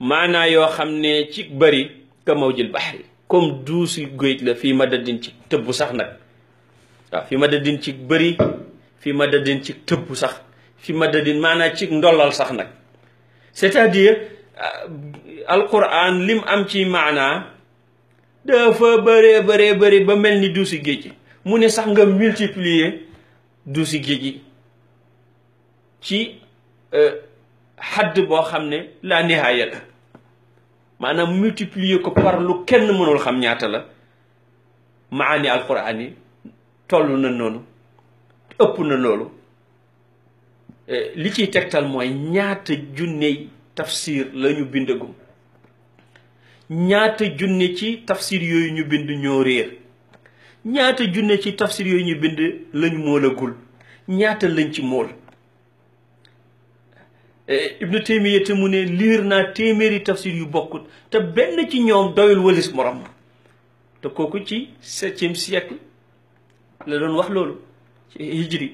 maanaa yoo xam ne ci bëri ka mawjil baxri comme duusi géej la fii ma dadin ci tëbb sax nag waaw fii ma dadin ci bëri fii ma dadin ci tëbb sax fii ma dadin maanaa ci ndollal sax nag c'est-à-dire euh, alquran lim am ci maanaa dafa bëree bëri ba mel ni duusi géej gi mu ne sax nga multiplier duusi géej gi ci xadd euh, boo xam ne la nihaaya la maanaam multiplier ko par lu kenn mënul xam ñaata la maani alquran yi toll na noonu ëpp na loolu e, li ciy tegtal mooy ñaata junney tafsir la ñu bindagum ñaata junne ci tafsir yooyu ñu bind ñoo réer ñaata junne ci tafsir yooyu ñu bind lañ moolagul ñaata lañ ci mool Eh, ibnu taymiya te mu ne liir naa téeméeri tafsir yu bokkut te benn ci ñoom doyul walis morom te kooku ci septième siècle la doon wax loolu ci hijri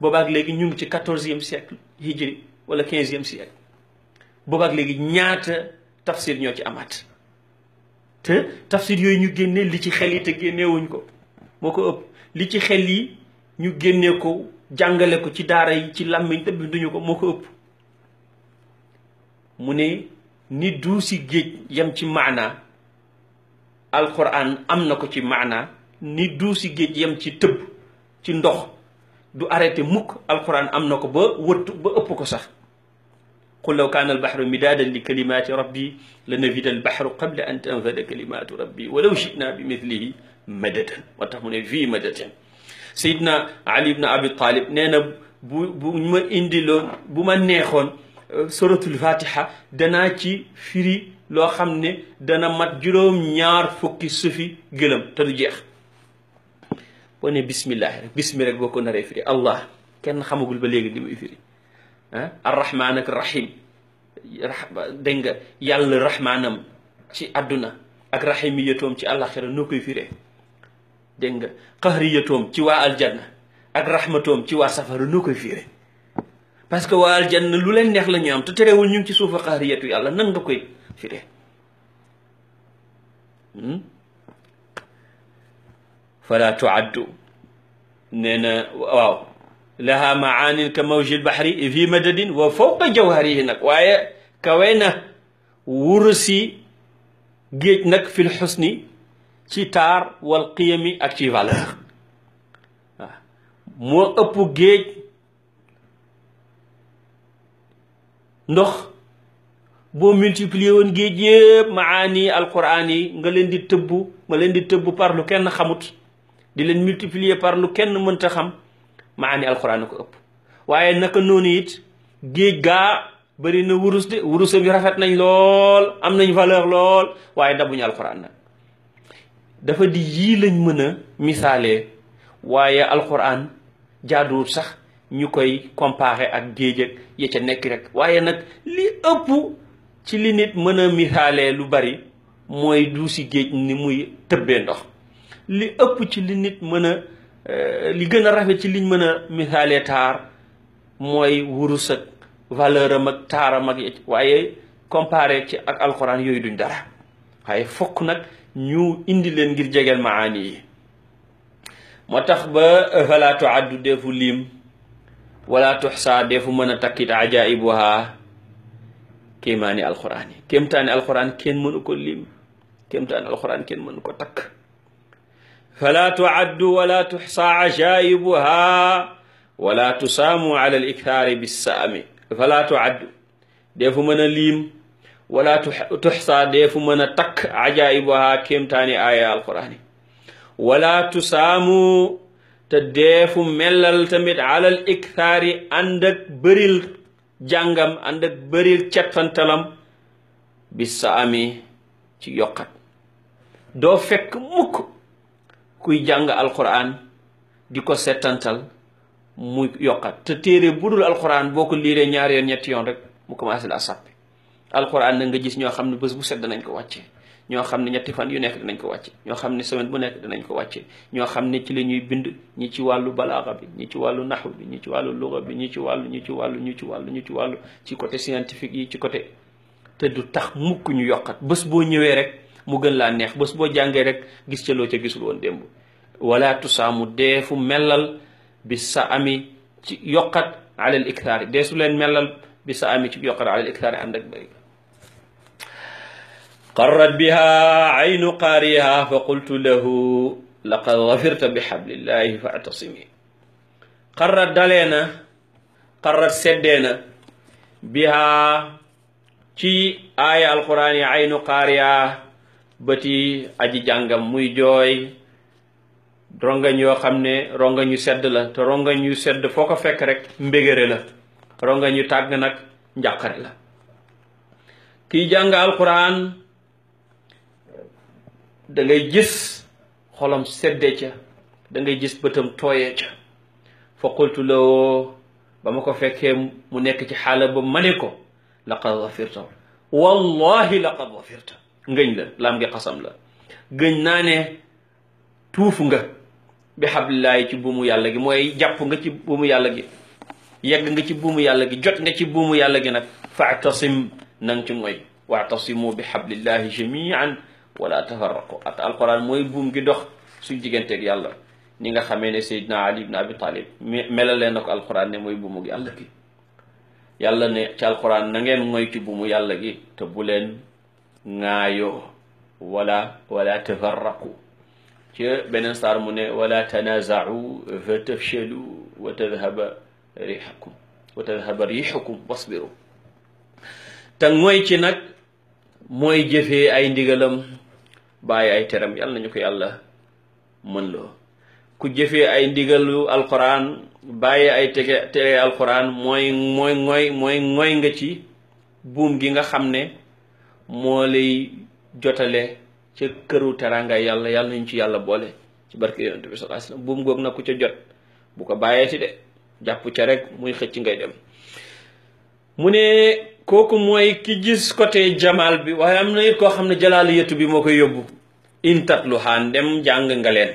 boobaak léegi ñu ngi ci quatorzième siècle hijri wala quinzième siècle boobaak léegi ñaata tafsir ñoo ci amaat te tafsir yooyu ñu génne li ci xel yi te génnewuñ ko moo ko ëpp li ci xel yi ñu génne ko jàngale ko ci daara yi ci làmmiñ te binduñu ko moo ko ëpp mu ne ni duusi géej yam ci maanaa alquran am na ko ci maanaa ni duusi géej yam ci tëbb ci ndox du arrêté mukk alquran am na ko ba wëttu ba ëpp ko sax qul law kaana albaxru midaadan li kalimaati rabbi la nafida albaxru qabla an tanfada kalimaatu rabbi walaw shina bi mithlihi madadan moo tax mu ne fii madadan sayidna ali ibn abi talib nee na bu bu ma indiloon bu ma neexoon suratul fatiha danaa ci firi loo xam ne dana mat juróom-ñaar fukki sufi gëlëm te du jeex boo ne bismillahi rek bismi rek boo ko naree firi allah kenn xamagul ba léegi li muy firi ah arrahman rahim dégg yàlla rahmaanam ci àdduna ak rahim ci àllaxira noo koy firee dégg ci waa aljanna ak rahmatoom ci waa safara noo koy firee parce que waa aljanna lu leen neex la ñu am te terewul ñu ngi ci suufa xaariyatu yàlla nan nga koy firee hmm? fala tuaddu nee na waaw laha maanin ka mawjil bahri fi madadin wa fawqa jawharihi nag waaye kawe na wurusi géej nag fil xusni ci taar wal qiyami ak ci valeur waaw moo ëpp géej ndox boo multiplier woon géej yépp maani alquran yi nga leen di tëbb nga leen di tëbb par lu kenn xamut di leen multiplier par lu kenn mënta xam maani alquran ko ëpp waaye naka noonu it géej gaa bëri na wurus de wurus bi rafet nañ lool am nañ valeur lool waaye dabuñu alquran nag dafa di yii lañ mën a misaalee waaye alquran jaaduwut sax ñu koy comparé ak géej ak ya ca nekk rek waaye nag li ëpp ci li nit mën a misaalee lu bari mooy duusi géej ni muy tëbbee ndox li ëpp ci li nit mën a eh, li gën a rafet ci liñ mën a misaalee taar mooy wurus ak valeur am ak taaram ak waaye compare ci ak alxuraan yooyu duñ dara waaye fokk nag ñu indi leen ngir jegeel maani yi moo tax ba eh, falaatu addu deefu lim wala tuxsaa deefu mën a takkit ajaa'ibuha kéemaani alxuraan yi kéemtaani alxuraan kenn mënu ko lim kéemtaani alxuraan kenn mënu ko takk fala tuaddu wala tuxsaa ajaa'ibuha wala tusaamu ala al iktaari bissaami fala tuaddu deefu mën a liim wala tuxsaa deefu mën a takk ajaa'ibuha kéemtaani aaya alxuraan yi wala tusaamu te deefu melal tamit alal iktaari ànd ak bëril jàngam ànd ak bëril cettantalam bi sa ami ci yokkat doo fekk mukk kuy jàng alquran di ko settantal mu yokkat te téere budul alquran boo ko liiree ñaar yoon ñetti yoon rek mu commencé la sàppi alquran na nga gis ñoo xam ne bés bu sedd nañ ko wàccee ñoo xam ne ñetti fan yu nekk dinañ ko wàcce ñoo xam ne semaine bu nekk dinañ ko wàcce ñoo xam ne ci la ñuy bind ñi ci wàllu balaaxa bi ñi ci wàllu naxu bi ñi ci wàllu luga bi ñi ci wàllu ñi ci wàllu ñi ci wàllu ñi ci wàllu ci côté scientifique yi ci coté te du tax mukk ñu yokkat bés boo ñëwee rek mu gën laa neex bés boo jàngee rek gis ca loo ca gisul woon démb wala tusaamu deefu mellal bi sa ami ci yokkat alal iktaari deesu leen melal bi sa ami ci yokkat alal iktaari ànd ak bëri qarrat biha aynu qaariha fa qultu lahu laqad gafirta bi xablillahi fa atasimi qarrat dalee na qarrat seddee na biha ci aaya alquraan yi aynu qaariha bëti aji jàngam muy jooy rongañ yoo xam ne rongañ yu sedd la te rongañ yu sedd foo ko fekk rek mbégére la rongañ yu tàgg nag njàqare la kiy jàng alquran da jis gis xolam sedde ca da ngay gis bëtam tooyee ca fa qultu lawoo ba ma ko fekkee mu nekk ci xaala ba ma ko laqad gafirta wallahi laqad gafirta ngëñ la laam la gëñ naa ne tuuf nga bi xablillaay ci buumu yàlla gi mooy jàpp nga ci buumu yàlla gi nga ci buumu yàlla gi jot nga ci buumu yàlla gi nag faatasim nang ci mooy waatasimu bi xablillahi jamian wala tafarraqu at mooy buum gi dox suñ digganteeg yàlla ni nga xamee ne Seydina Ali ibn Abi Talib melal leen na ko alquran ne mooy buumu yàlla gi yàlla ne ci alquran na yàlla gi te bu leen ŋaayoo wala wala tafarraqu ci beneen mu ne wala tanazau fa tafshalu wa wasbiru te mooy ci nag mooy jëfee ay ndigalam bàyyi ay teram na ñu ko yàlla mën loo ku jëfee ay ndigalu alxuraan bàyyi ay tege tere alquran mooy mooy nga ci buum gi nga xam ne moo lay jotale ca këru teranga yàlla yàlla nañu ci yàlla boole ci barke yonent bi sallallahu buum goog nag ku ca jot bu ko bàyyeeti de jàpp ca rek muy xëcc ngay dem mu ne kooku mooy ki gis côté jamal bi waaye am na it koo xam ne jalaaliyatu bi moo koy yóbbu intatlu haan dem jàng nga leen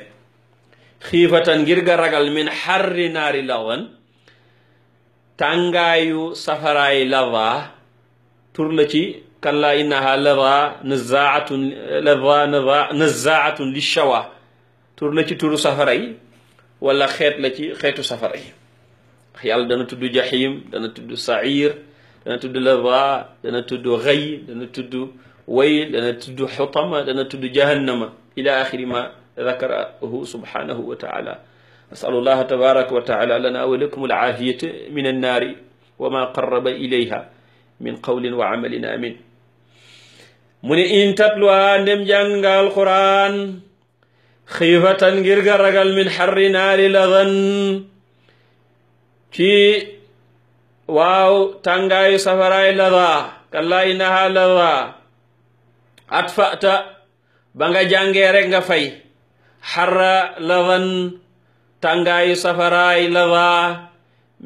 xiifatan ngir nga ragal min xarri naari lawan tàngaayu safaraay lava tur la ci kalla innaha lava nazaatun lava nava nazaatun li shawa tur la ci turu safara yi wala xeet la ci xeetu safara yi wax yàlla dana tudd jahim dana tudd sair dana tudd lawa dana tudd xëy dana tudd wayl dana tudd xutama dana tudd jahannama ila axiri ma dakarahu subhanahu wa taala nasalu llaha tabaraka wa taala lana wa lakum alaafiyata min annaari wa ma qaraba ilayha min qawlin wa amalin amin mu ne in tatluwa ndem jàng nga alquran xiifatan ngir ga ragal min xarri naari ladan ci waaw tàngaayu safaraay ladaa kallaa innahaa ladaa at fata ba nga jàngee rek nga fay xarra ladan tàngaayu safaraay ladaa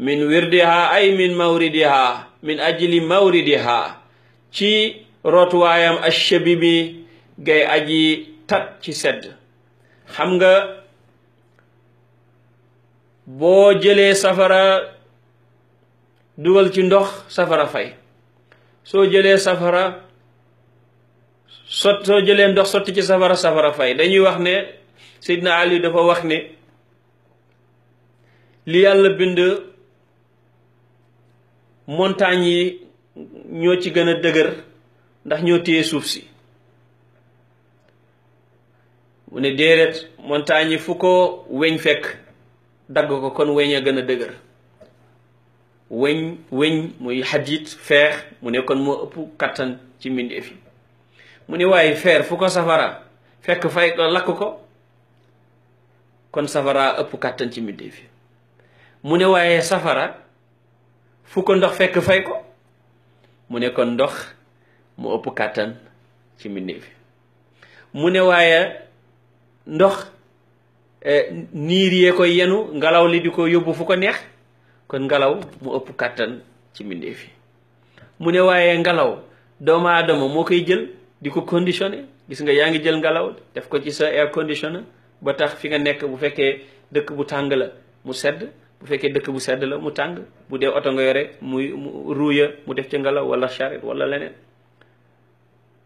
min wirdihaa ay min mawridihaa min ci rotuwaayam ashabimi gay aji tat ci sedd xam nga boo jëlee safara dugal ci ndox safara fay soo jëlee safara sot soo jëlee ndox sotti ci safara safara fay dañuy wax ne Seydina Ali dafa wax ne li yàlla bind montagne yi ñoo ci gën a dëgër ndax ñoo téye suuf si mu ne déedéet montagne yi fu ko weñ fekk dagg ko kon weñ a gën a dëgër weñ weñ muy xadit feex mu ne kon moo ëpp kàttan ci mbindeef mu ne waaye feer fu ko safara fekk fay ko lakk ko kon safara ëpp kattan ci mbindeef yi mu ne waaye safara fu ko ndox fekk fay ko mu ne kon ndox mu ëpp kattan ci mbindeef mu ne waaye ndox eh, niir yee ko yenu ngelaw li di ko yóbbu fu ko neex kon ngelaw mu ëpp kàttan ci mbindeef yi mu ne waaye ngelaw doomu aadama moo koy jël di ko conditionné gis nga yaa ngi jël ngelaw def ko ci sa air conditioner ba tax fi nga nekk bu fekkee dëkk bu tàng la mu sedd bu fekkee dëkk bu sedd la mu tàng bu dee oto nga yore mu ruuya mu def ci ngelaw wala charrette wala leneen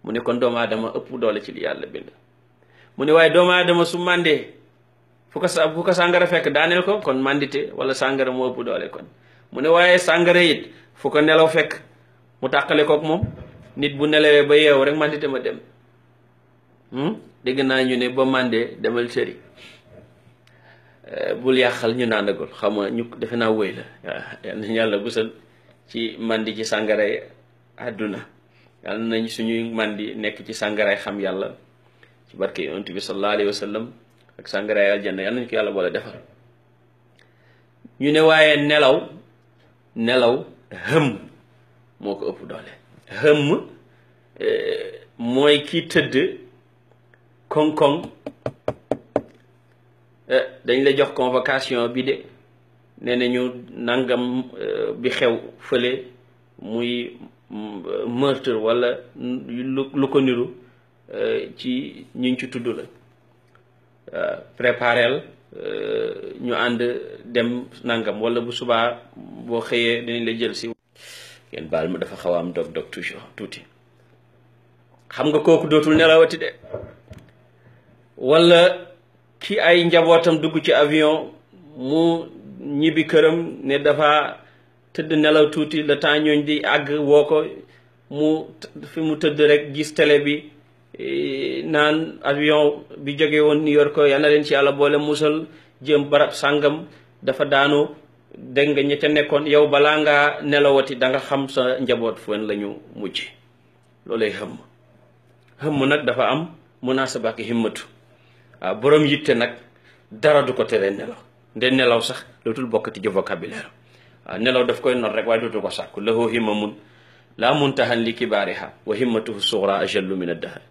mu ne kon doomu aadama ëpp doole ci li yàlla bind mu ne waaye doomu aadama su màndee fu ko sa fu ko sàngara fekk daaneel ko kon mandité wala sàngara moo ëpp doole kon mu ne waaye sàngara yit fu ko nelaw fekk mu tàqale kook moom nit bu nelawee ba yeew rek mandité ma dem hmm? dégg naa ñu ne ba mandé demal sëri eh, bul yàqal ñu naandagul xam nga ñu defe naa woy la waaw yal nañu yàlla busal ci mandi ci sàngaray àdduna yal nañ suñuy mandi nekk ci sàngaray xam yàlla ci barke yonent bi sallallahu alayhi wa ak sàngaraay aljanna yal nañ ko yàlla boole defal ñu ne waaye nelaw nelaw hëmm moo ko ëpp doole hëmm eh, mooy kii tëdd koŋ-koŋ eh, dañ la jox convocation bi de nee nañu nangam eh, bi xew fële muy mm, meurtre walla lu ko niru ci ñiñ ci tudd la préparel euh, ñu ànd dem nangam wala bu suba boo xëyee dinañ la jël si ngeen baal ma dafa xaw a am dog dog tuuti xam nga kooku dootul nelawati de wala ki ay njabootam dugg ci avion mu ñibbi këram ne dafa tëdd nelaw tuuti le temps ñooñ di àgg woo ko mu fi mu tëdd rek gis tele bi naan avion bi jóge woon New York yal na leen ci yàlla boole musal jëm barab sàngam dafa daanoo dégg nga ña ca nekkoon yow balaa nga nelawati da nga xam sa njaboot fen la ñu mujj loolay xëmm xëmm nag dafa am munaasaba ak himmatu waaw ah, borom yitte nag dara du ko teree nelaw nde nelaw sax dootul bokkati ci vocabulaire waaw ah, nelaw daf koy not rek waaye dootul ko sàkku lahu himmamun laa muntahan li kibaariha wa himmatuhu suxra ajallu min ad-dahar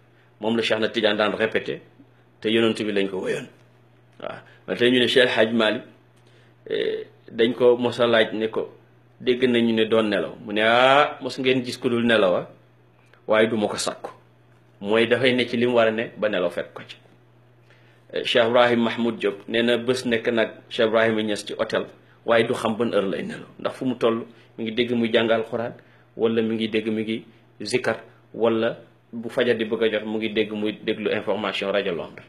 moom la Cheikh na Tidiane daan répété te yonent bi lañ ko woyoon waaw ma tey ñu ne Cheikh Hadj Malick eh, dañ ko mos laaj ne ko dégg nañu ne doon nelaw mu ne ah mos ngeen gis ku dul nelawa ah, waaye du ma ko sakku mooy dafay ne ci li war a ne ba nelaw fekk ko ci eh, Cheikh Ibrahim Mahmoud Diop nee na bés nekk nag Cheikh Ibrahima Niass ci hôtel waaye du xam ban heure lay nelaw ndax fu mu toll mu ngi dégg mu jàngal Alxuraan wala mi ngi dégg mi ngi zikar wala bu fajar di bëgg a jot mu ngi dégg muy déglu information rajo Londres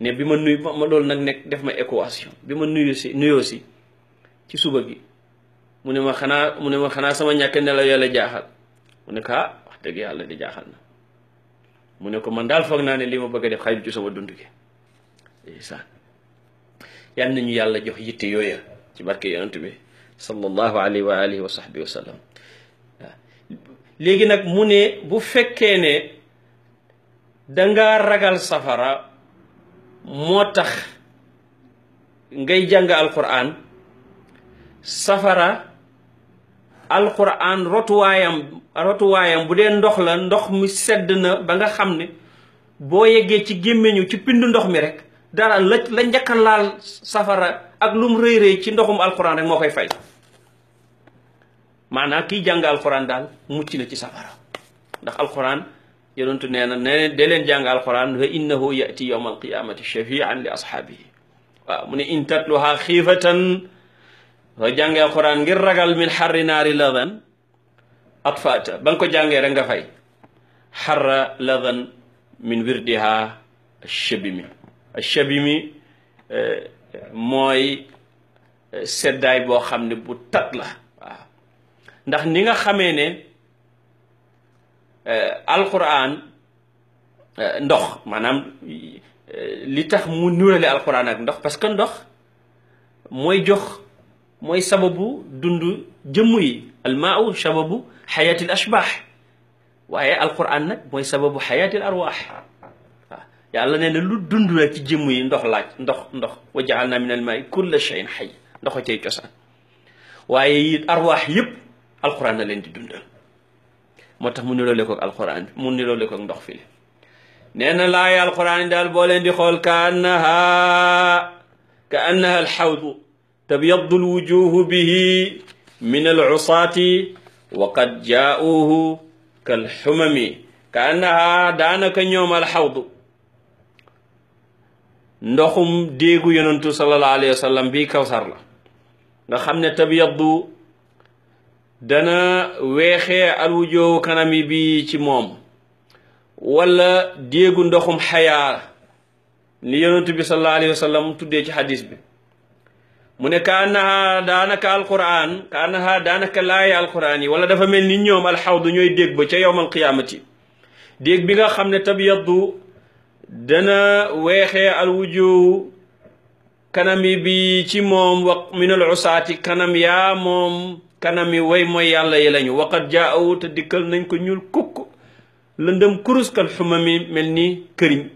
ne bi ma nuy ma loolu nag nekk def ma équation bi ma nuyu si nuyoo si ci suba gi mu ne ma xanaa mu ne ma xanaa sama ñàkk ne yàlla jaaxal mu ne ko ah wax dëgg yàlla di jaaxal na mu ne ko man daal foog naa ne li ma bëgg a def xajul ci sama dund gi ndeysaan na ñu yàlla jox yitte yooya ci barke yonent bi sallallahu alayhi wa alihi wa sahbihi léegi nag mu ne bu fekkee ne danga ragal safara moo tax ngay jàng alquran safara alquran rotuwaayam rotuwaayam bu dee ndox la ndox mi sedd na ba nga xam ne boo yeggee ci gémmiñu ci pindu ndox mi rek dara la la njëkk safara ak lum rëy rëy ci ndoxum alquran rek moo koy fay maanaam kiy jàng alxuraan daal mucc na ci safara ndax alxuraan yonentu nee na nee de jàng alxuraan fa innahu yati yowma alqiyamati shafian li ashaabihi waaw mu ne in tatluha xiifatan soo jàngee alxuraan ngir ragal min xarri naari ladan atfaata ba nga ko jàngee rek nga fay xarra ladan min wirdiha shabimi shabimi eh, mooy eh, seddaay boo xam ne bu ndax ni nga xamee ne euh, alquran euh, ndox maanaam euh, li tax mu nuurale alquran ak ndox parce que ndox mooy jox mooy sababu dund jëmm yi almaau sababu xayaati l ashbaax waaye alquran nag mooy sababu xayaati l arwaax waaw yàlla nee ne lu dund la ci jëmm yi ndox laaj ndox ndox wa jaal na min almaai kulla cheyin xay ndox a cay cosaan waaye it arwaax yépp alxuraan la leen di dundal moo tax mu niroole koog alxuraan mu niroole koog ndox file nee na laay alxuraan daal boo leen di xool ka annaha ka annaha alxawdu tabyaddu alwujuhu bihi min alcusaati wa qad jaauhu kalxumami ka annaha daanaka ñoom alxawdu ndoxum déegu yonentu sallallahu alayhi wa sallam bii kawsar la nga xam ne tabyaddu dana weexee alwujoowu kanami bi ci moom wala déegu ndoxum xayaa ni yonentu bi sallallahu tuddee ci xadis bi mu ne ka annaha daanaka alquran ka annaha daanaka laaya alquran yi wala dafa mel ni ñoom alxawdu ñooy déeg ba ca yowmal qiyaamati déeg bi nga xam ne tabyaddu dana weexee alwujoowu kanami bi ci moom wa minal usaati kanam yaa moom kanam yi way mooy yàlla yi lañu waqat jaa awu te dikkal nañ ko ñuul kukk lëndëm kurus kal xumami mel ni këriñ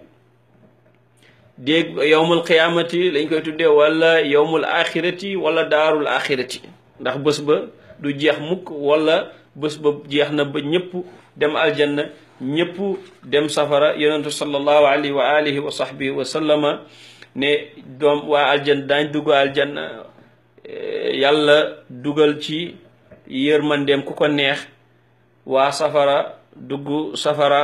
déeg yowmul qiyaamati lañ koy tuddee wala yowmul axirati wala daarul axirati ndax bës ba du jeex mukk walla bés ba jeex na ba ñëpp dem aljanna ñëpp dem safara yonentu sallallahu alayhi wa alihi wa sahbihi wa sallama ne doom waa aljanna daañ dugg aljanna Eh, yàlla dugal ci yërmandeem ku ko neex waa safara dugg safara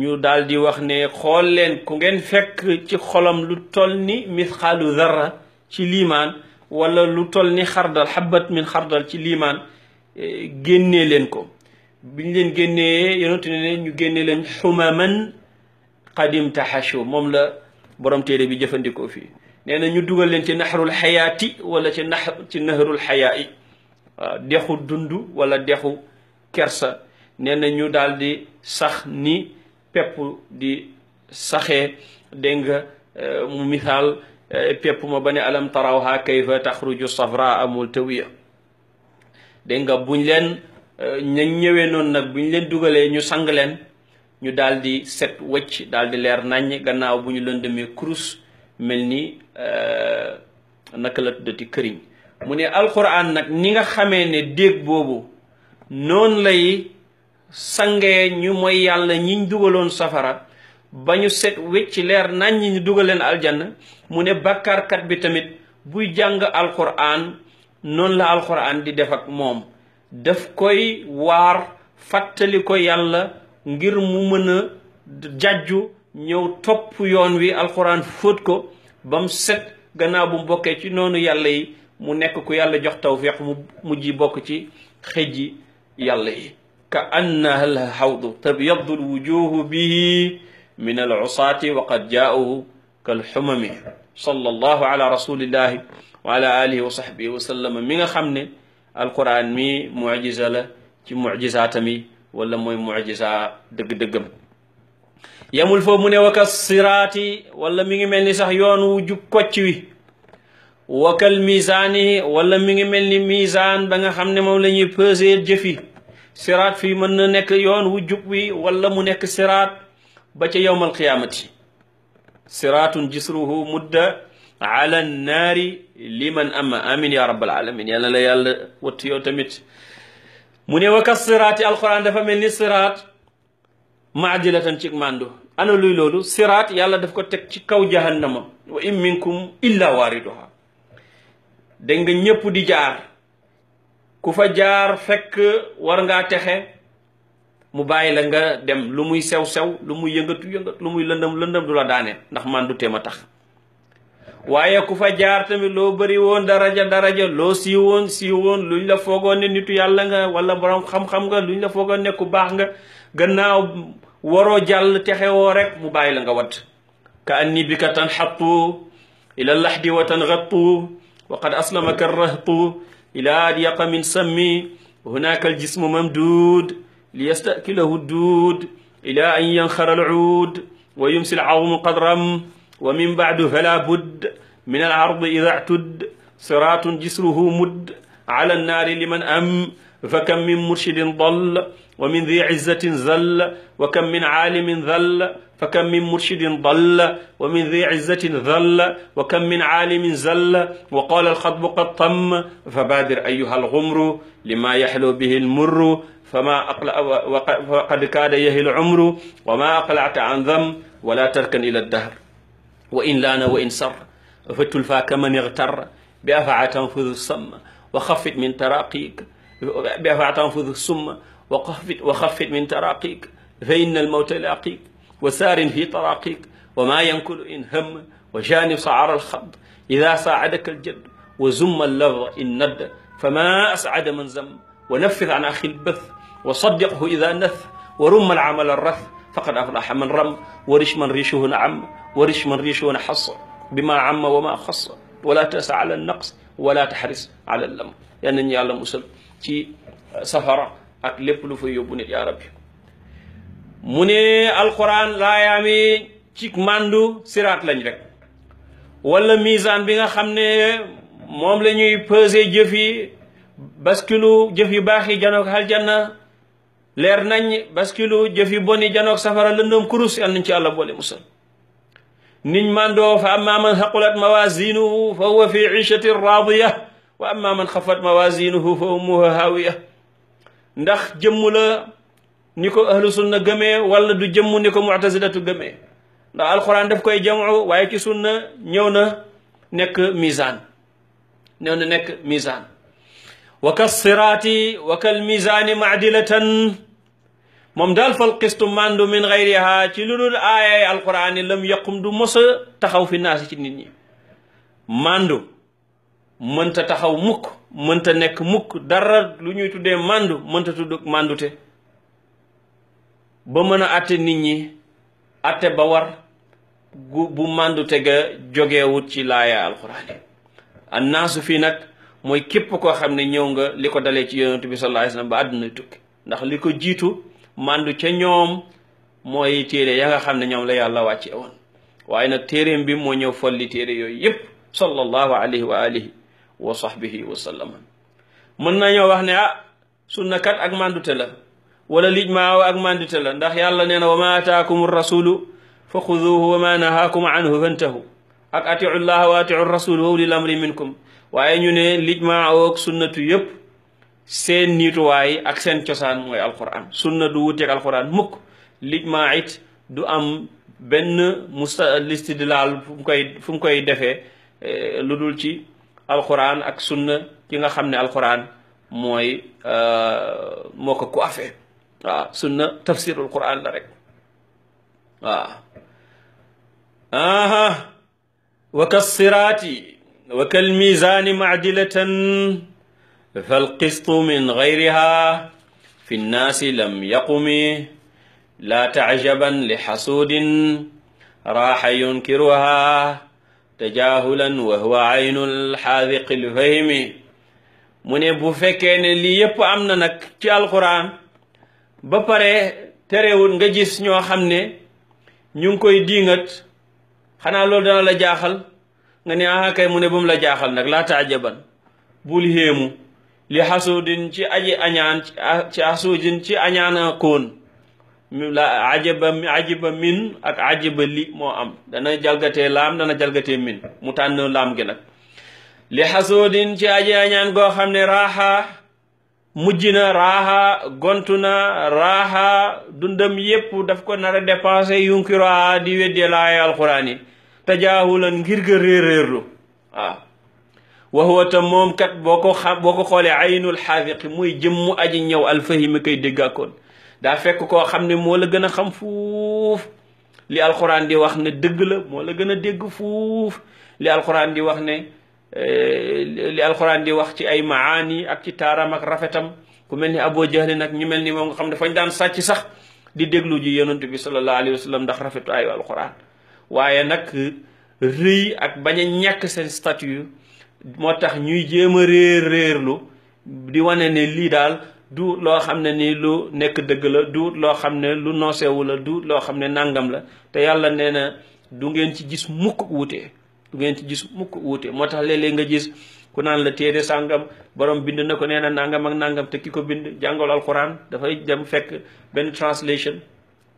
ñu daldi wax ne xool leen ku ngeen fekk ci xolam lu toll ni misxaalu zarra ci liimaan walla lu toll ni xardal xabat min xardal ci liimaan eh, génnee leen ko biñ leen génnee yonent ne ñu génne leen xumaman qadim taxashu moom la boroom téere bi jëfandikoo fii nee na ñu dugal leen ci naxarul xayaati wala ci nax ci naxarul xayaa yi waaw dund wala dexu kersa nee na ñu daal di sax ni pepp di saxee dégg nga eh, mu misaal eh, ma ba ne alam tarawha kayfa taxruju safraa dégg nga buñ leen eh, ñañ ñëwee noonu nag buñ leen dugalee ñu sang leen ñu daldi di set wëcc daal di leer naññ gannaaw bu ñu lëndëmee kurus mel nii Euh, naka la tuddati këriñ mu ne alquran nag ni nga xamee ne déeg boobu noon lay sangee ñu mooy yàlla ñiñ dugaloon safara ba ñu set wecc leer nañ ñi ñu dugaleen aljanna mu ne bàkkaarkat bi tamit buy jàng alquran noonu la alquran di def ak moom daf koy waar fàttali ko yàlla ngir mu mën a jàjju ñëw topp yoon wi alquran fóot ko ba mu set gannaaw bu mu bokkee ci noonu yàlla yi mu nekk ku yàlla jox tawfiq mu mujj bokk ci xëjji yàlla yi ka annaha al hawdu tabyaddu al wujuhu bihi min al usaati wa qad jaauhu kal xumami sallallahu ala rasulillahi wa ala alihi wa sahbihi wa sallama mi nga xam ne alquran mi mucjisa la ci mucjisaatam yi wala mooy mucjisa dëgg-dëggam yamul foofu mu ne waka siraati wala mi ngi mel ni sax yoon wu jub kocc wi wakal misaani wala mi ngi mel ni misaan ba nga xam ne moom la ñuy peser jëf yi siraat fii mën na nekk yoon wu jub wi wala mu nekk siraat ba ca yowmal qiyaamati siraatun jisruhu mudda ala naari liman ama amin ya rabbal alamin yàlla la yàlla wattu yow tamit mu ne waka siraati alquran dafa mel siraat ma maadilatan ci màndu ana luy loolu siraat yàlla daf ko teg ci kaw jahannama wa in minkum illa waariduha dégg nga ñépp di jaar ku fa jaar fekk war nga texe mu bàyyi la nga dem lu muy sew-sew lu muy yëngatu yëngatu lu muy lëndëm lëndëm du la daane ndax màndu téem a tax waaye ku fa jaar tamit loo bari woon daraja daraja loo siiw woon siiw woon luñ la foogoon ne nitu yàlla nga wala boroom xam-xam nga luñ la foogoon ne ku baax nga gannaaw waroo jàll texewoo rek mu bàyyi la nga wadd ka anni bika tan xattu ila laxdi wa tan gattu wa qad aslamaka rahtu ila ad yaqa min sammi hunaka aljismu mamduud liyastakilahu duud ila an yanxara aluud wa yumsi alcawmu qadram wa min bacdu fala budd min alardi ida ctud siraatun jisruhu mudd ala annaari liman am fa kam min murshidin dall wa min di izzatin zall wa kam min aalimin zall fa kam min murshidin dall wa min di izzatin zall wa kam min aalimin zall wa qaala alxatbu qad tam fa baadir ayuha alxumru lima yaxlu bihi almurru fama aqla wa qad kaada yahilu umru wa ma aqlacta an dam wala tarkan ila dahr wa in laana wa in sar fatul faa kaman ixtar bi afaa tanfudu sam wa xafit min taraqik bi afaa tanfudu summa wa xafit wa xafit min taraaqiik fa inna almawta laaqiik wa saarin fi taraaqiik wa maa yankulu in hamm wa janib saara alxadd ida saacadaka aljadd wa zumma allafda in nadd fa ma ascada man zam wa naffid an axi lbath wa saddiqhu ida nath wa rumma alcamal alrath faqad aflaxa man ram wa rish man rishuhu naam wa rish man rishuhu na xas bima amma wa ma xas wala tasa ala naqs wala taxris ala lam yal nañu yàlla musal ci safara ak lépp lu fay yóbbu nit yaa rabbi mu ne alquran laayaami ci màndu siraat lañ rek wala misaan bi nga xam ne moom la ñuy peser jëf yi baskilu jëf yu baax yi janoog aljanna leer nañ baskilu jëf yu bon yi janoog safara lëndëm kurus yal nañ ci àlla boole musal niñ màndoo fa amma man xaqulat mawazinuhu fa huwa fi ichatin raadiya wa amma man xafat mawazinuhu fa ummuha haawiya ndax jëmm la ni ko ahlu sunna wala du jëmm ni ko mu'tazilatu gëmee ndax alxuraan daf koy jamu waaye ci sunna ñëw na nekk misaan ñëw nekk misaan wa ka siraati wa kal misaani maadilatan moom daal fal qistu mandu min gayriha ci lu dul aayay alquran lam yaqum du mos taxaw fi ci nit ñi mandu mënta taxaw mukk mënta nekk mukk dara lu ñuy tuddee màndu mënta tudd màndute ba mën a àtte nit ñi àtte ba war gu bu màndute ga jógeewut ci laaya alxuraan annaasu fii nag mooy képp koo xam ne ñëw nga li ko dalee ci yonent bi sallallahu alayhi wasallam ba àdduna tukki ndax li ko jiitu màndu ca ñoom mooy téere ya nga xam ne ñoom la yàlla wàcce woon waaye na téereem bi moo ñëw folli téere yooyu yépp sallallahu alayhi wa alihi wa sahbihi wa sallama wax ne ah sunna kat ak mandute la wala lij maaw ak mandute la ndax yàlla nee na wa ma ataakum rasulu fa xuduuhu wa ma nahaakum anhu fantahu ak atiu llaha wa atiu rasul wa ulil amri minkum waaye ñu ne lij maaw ak sunnatu yépp seen niituwaay ak seen cosaan mooy alquran sunna du wuteeg alquran mukk lij maa it du am benn musta liste di koy fu koy defee eh, lu dul ci alxuraan ak sunna ki nga xam ne alxuraan mooy euh, moo ko ku afee waaw sunna tafsirul quran la rek waaw aha wa kasiraati wa kal mizaani maadilatan falqistu min gayriha fi nnaasi lam yaqumi laa tajaban li xasuudin raaxa yunkiruha tajaahulan wa huwa aynul xaadiqil fahimi mu ne bu fekkee ne lii yépp am na nag ci alxuraan ba pare terewul nga gis ñoo xam ne ñu ngi koy diingat xanaa loolu dana la jaaxal nga ne ah kay mu ne bu mu la jaaxal nag laa taajaban bul héemu li xasudin ci aji añaan ci xasudin ci añaana koon la ajaba min ak ajiba li moo am dana jalgatee laam dana jalgatee min mu tànn laam gi nag li xasoodin ci aji añaan goo xam ne raaxa mujj na raaxa gontu na raaxa dundam yépp daf ko nara a dépensé yunkiraa di weddee laay alxuraan tajaahulan ngir ga réeréerlu waaw wa huwa ta moom kat boo ko boo ko xoolee aynul xaafiqi muy jëmmu aji ñëw alfahimi kay déggakoon daa fekk koo xam ne moo la gën a xam fuuf li alxuraan di wax ne dëgg la moo la gën a dégg fuuf li alxuraan di wax ne eh, li alxuraan di wax ci ay maani ak ci taaram ak rafetam ku mel ni Abu Jahli nag ñu mel ni moom nga xam ne fañ daan sàcc sax di déglu ji yonent bi sallallahu alayhi wa ndax rafetu ay alxuraan waaye nag rëy ak bañ a ñàkk seen statut moo tax ñuy jéem a réer réerlu di wane ne lii daal duut loo xam ne nii lu nekk dëgg la duut loo xam ne lu noosewu la duut loo xam ne nàngam la te yàlla nee na du ngeen ci gis mukk wuute ngeen ci gis mukk wuute moo tax léeg-léeg nga gis ku naan la téere sàngam borom bind na ko nee na nàngam ak nàngam te ki ko bind jàngal alquran dafay dem fekk benn translation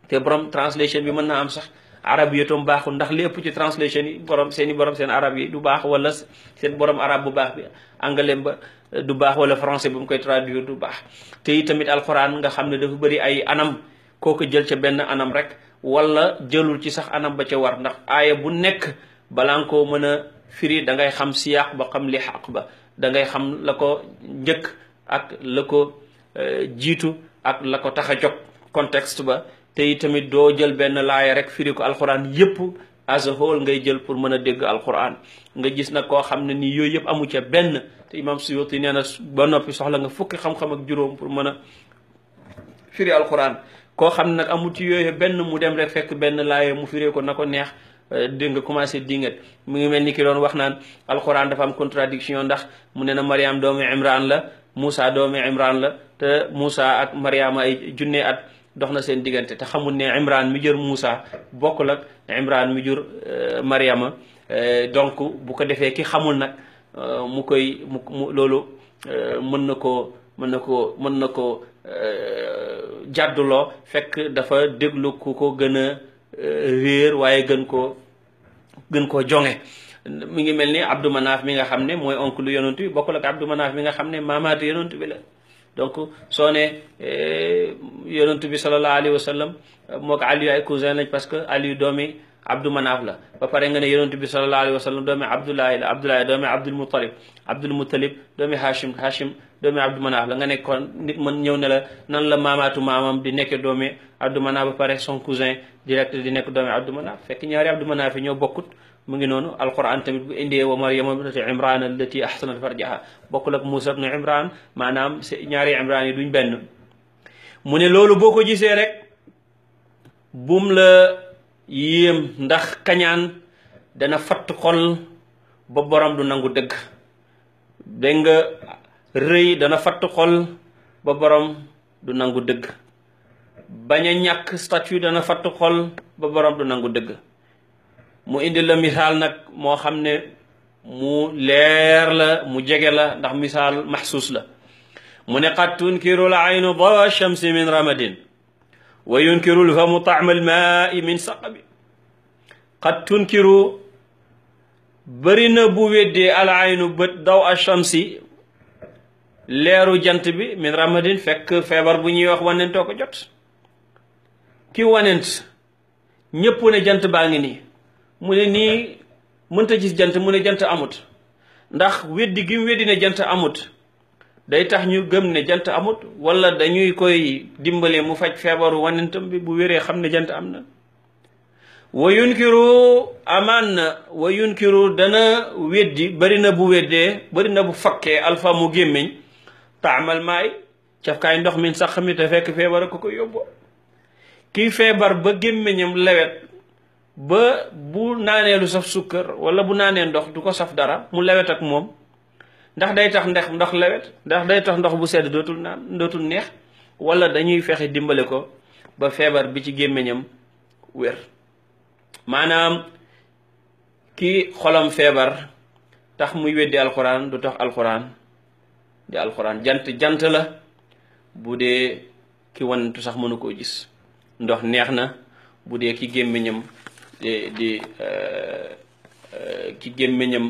te borom translation bi mën naa am sax arab yootam baaxul ndax lépp ci translation yi borom seeni i borom seen arab yi du baax wala seen borom arab bu baax bi anglais ba euh, du baax wala français bu koy traduire du baax te tamit alxuraan nga xam ne dafa bëri ay anam kooku jël ca benn anam rek wala jëlul ci sax anam ba ca war ndax aaya bu nekk balaa nga koo mën a firi da ngay xam siyaaq ba xam li xaq ba da ngay xam la ko njëkk ak la ko euh, jiitu ak la ko tax a jóg contexte ba te itamit doo jël benn laaya rek firi ko alxuraan yépp as a whole ngay jël pour mën a dégg alxuraan nga gis nag koo xam ne nii yooyu yëpp amu ca benn te imam Suyuti nee na ba noppi soxla nga fukki xam-xam ak juróom pour mën a firi alxuraan koo xam ne nag amu ci yooyu benn mu dem rek fekk benn laaya mu firee ko nag ko neex euh, dégg nga commencé dingat mu ngi mel ni ki doon wax naan alxuraan dafa am contradiction ndax mu ne na Mariam doomu Imran la Moussa doomi Imran la te Moussa ak Mariama ay junne at dox na seen diggante te xamul ne Imran mi jër Moussa bokkul ak Imran mi jur euh, Mariama euh, donc bu ko defee ki xamul nag euh, mu koy mu loolu mën na koo mën na koo mën na ko jàdduloo fekk dafa déglu ku ko gën a réer waaye gën koo gën koo jonge mi ngi mel ni Abdou Manaf mi nga xam ne mooy oncle lu yonent bi bokkul ak Abdou Manaf mi nga xam ne maamaatu yonent bi la donc soo ne eh, yonentu bi sallallahu alayhi wa sallam moo ko Aliyu ay cousin lañ parce que Aliyu doomi Abdu Manaaf la ba pare nga ne yonentu bi sallallahu alayhi wa sallam doomi Abdullahi la Abdullahi doomi Abdul Muttalib Abdul Muttalib doomi Hashim Hashim doomi Abdu la nga ne kon mën ñëw ne la nan la maamaatu maamam di nekke doomi Abdu Manaaf ba pare son cousin direct di nekk doomi Abdu Manaaf fekk ñaari Abdu Manaaf yi ñoo bokkut mu ngi noonu alquran tamit bu indee wa maryama bnati imran allati ahsanat farjaha bokkul ak muusa bnu imran maanaam ñaari imran yi duñ benn mu ne loolu boo ko gisee rek buum la yéem ndax kañaan dana fatt xol ba borom du nangu dëgg dégg nga rëy dana fatt xol ba borom du nangu dëgg bañ a ñàkk statut dana fatt xol ba borom du nangu dëgg mu indi la misaal nag moo xam ne mu leer la mu jege la ndax misaal maxsuus la mu ne qad tunkiru l aynu dawa shamsi min ramadin wa yunkiru lfamu taama almaai min saqabi qad tunkiru bëri na bu weddee al aynu bët daw a shamsi leeru jant bi min ramadin fekk feebar bu ñuy wax wanentoo ko jot ki wanent ñépp ne jant baa ngi nii mu ne nii mënta gis jant mu ne jant amut ndax weddi gi weddi ne jant amut day tax ñu gëm ne jant amut walla dañuy koy dimbale mu faj feebaru wanentam bi bu wéree xam ne jant am na wa yunkiru amaan na wa yunkiru dana weddi bari na bu weddee bari na bu fakkee alfa mu gémmiñ taamal maay cafkaay ndox min sax mi te fekk feebar ko ko yóbbu kii feebar ba gémmiñam lewet ba bu naanee lu saf sukkar wala bu naanee ndox du ko saf dara mu lawet ak moom ndax day tax ndex ndox lawet ndax day tax ndox bu sedd dootul naan dootul neex wala dañuy fexe dimbali ko ba feebar bi ci gémmiñam wér maanaam ki xolam feebar tax muy weddi alxuraan du tax alxuraan di alxuraan jant jant la bu dee ki wantu sax mënu koo gis ndox neex na bu dee ki gémmiñam di eh, eh, ki gémmiñam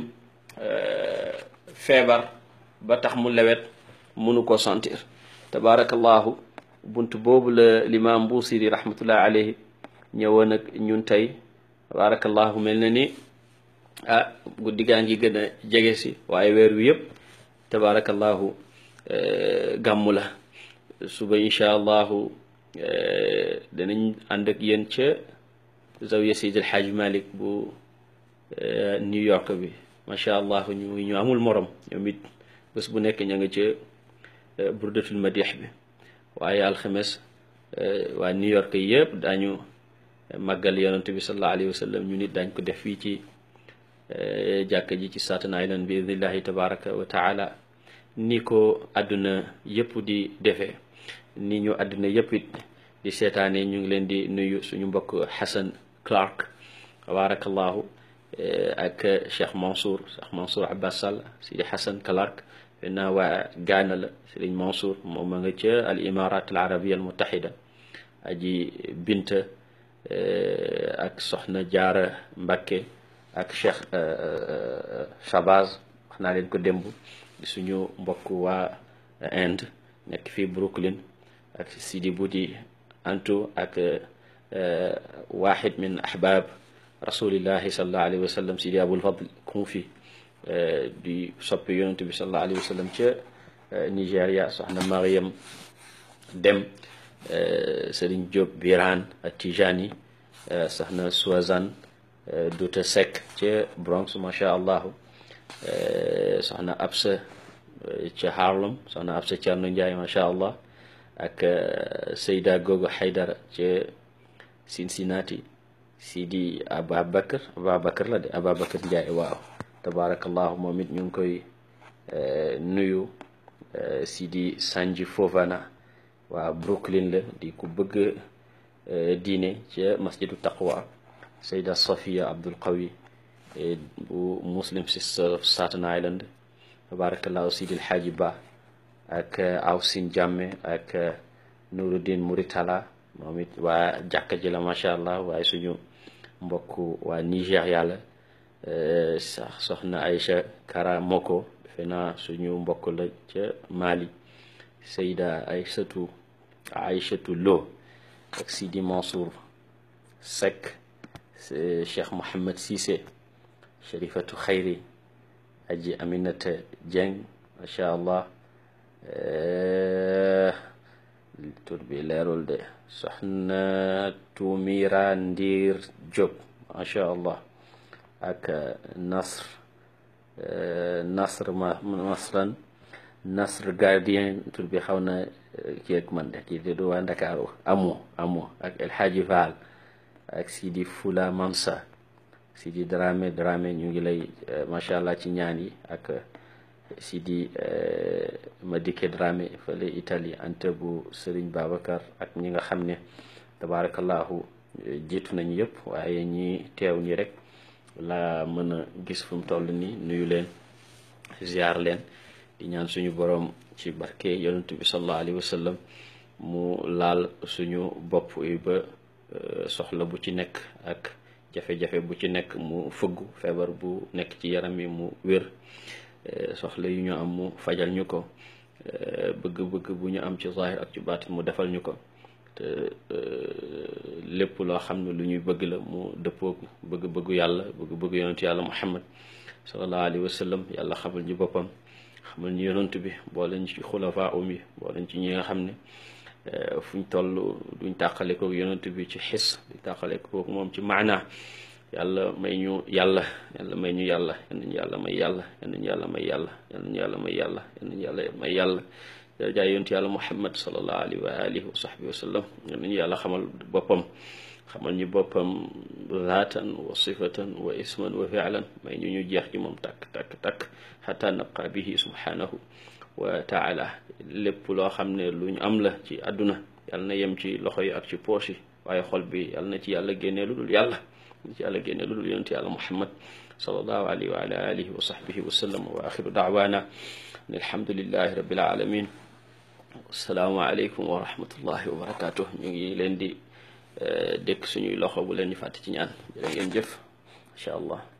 eh, feebar ba tax mu lewet munu ko sentir tabaarakallaahu bunt boobu la limaam Buusiri rahmatullahi alayhi ñëwoon ak ñun tey tabaarakallaahu mel na ni ah guddi gaa ngi gën jege si waaye weer wi yëpp tabaarakallaahu gàmmu la suba incha allahu danañ ànd ak zawiya Seydil Hadj Malick bu eh, New York bi macha allah ñu ñu amul morom ñoom it bu nekk ña nga ca eh, burdatul madix bi waaye alxames eh, waa New York yëpp daañu màggal yonent bi sallallahu alayhi wa ñu nit daañ ko def fii ci jàkka ji ci Staten Island bi idnillahi tabaraka wa taala ni ko àdduna yëpp di defe ni ñu àdduna yëpp it di seetaane ñu ngi leen di nuyu suñu mbokk Xasan Clark tabarakallahu eh, ak Cheikh Mansour Cheikh Mansour Abbas Sall Sidi Hassan Clark fii waa Gaana la Sëriñ Mansour al Imarat al Arabia al Mutahida eh, ak Soxna Jaara Mbakke ak Cheikh eh, Shabaz wax naa leen ko démb suñu mbokk waa Inde nekk Brooklyn ak Sidi Boudi Antou ak. waaxid min ahbab rasulillahi salallahu alayhi wa sallam sidi abul fadl Kuufi di soppi yonent bi salallahu alayhi wa sallam ca Nigéria soxna Mariam Dem Serigne Diop Birane ak Tijani soxna Suwazan Douta Seck ca Bronx macha allah soxna Absa ca Harlem soxna Absa Thierno Ndiaye macha allah ak Seyda Gogo Haydara ca. Cincinnati Sidi Ababakar Ababakar la de Ababakar Njaay waaw tabaarakallaahu moom it ñu ngi koy eh, nuyu eh, Sidi Sanji Brooklyn la di ku bëgg eh, diine ca masjidu taqwa Sayda Safiya Abdul bu Muslim Sisters of Staten Island tabaarakallaahu Sidi El Ba ak Awsin Jàmme ak Nuruddin Muritala moom it waa jàkka ji la macha allah waaye suñu mbokk waa Nigéria la euh, sax soxna Aïcha Karamoko defe naa suñu mbokk la ca Mali Seyda Aïchatu Aïchatu Lo ak Sidi Mansour Seck euh, Cheikh Mouhamed Cissé Sharifatu aji Aminata Dieng macha allah. Euh, tur bi leerul de soxna Tuumira Ndiir Diop macha allah ak eh, Nasr eh, Nasr ma Nasr gardien tur bi xaw na eh, kii ak man de kii di du waa Ndakaaru amoo ak El Hadji ak Sidi Fula Mansa Sidi Dramé Dramé ñu ngi lay macha allah ci ñaan yi ak. Sidi eh, Madické Dramé fële itali ante bu Serigne Babacar ak ñi nga xam ne tabaarakallaahu eh, jiitu nañu yépp waaye ñi teew nii rek laa mën a gis fu mu toll nii nuyu leen ziar leen di ñaan suñu boroom ci barke yonent bi sallallahu alayhi wa mu laal suñu bopp yi ba eh, soxla bu ci nekk ak jafe-jafe bu ci nekk mu fëggu feebar bu nekk ci yaram yi mu wér. Eh, soxla yu ñu am mu fajal ñu ko eh, bëgg-bëgg bu ñu am ci zahir ak ci baatin mu defal ñu ko te eh, lépp loo xam ne lu ñuy bëgg la mu dëppook bëgg-bëggu yàlla bëgg-bëggu yonentu yàlla muhammad sallallahu alayhi wa sallam yàlla xamal ñu boppam xamal ñu yonent bi boole ñu ci xulafa um yi boole ñu ci ñi nga xam ne fuñ toll duñ tàqale koog yonent bi ci xis duñ tàqale koog moom ci maanaa yàlla may ñu yàlla yàlla may ñu yàlla yal nañu yàlla may yàlla yal nañu yàlla may yàlla yal nañu may yàlla yal nañu yàlla may yàlla darajaay yontu yàlla muhammad sallallahu alayhi wa alihi wa sahbihi wa sallam yal yàlla xamal boppam xamal ñu boppam zaatan wa sifatan wa may ñu ñu jeex ci moom tàkk tàkk tàkk xata nabqa bihi subhanahu wa taala lépp loo xam ne lu ñu am la ci àdduna yàlla na yem ci loxo yi ak ci poche yi waaye xol bi yàlla na ci yàlla génnee lu dul yàlla ñu ci yàlla génne lu dul yonent yàlla muhammad sallallahu alayhi wa ala alihi wa sahbihi wa sallam wa axiru daawaana an alhamdulillahi rabbil alamin asalaamaaleykum wa rahmatullahi wa barakaatu ñu ngi leen di eh, dëkk suñuy loxo bu leen ñu fàtte ci ñaan jërë ngeen jëf incha allah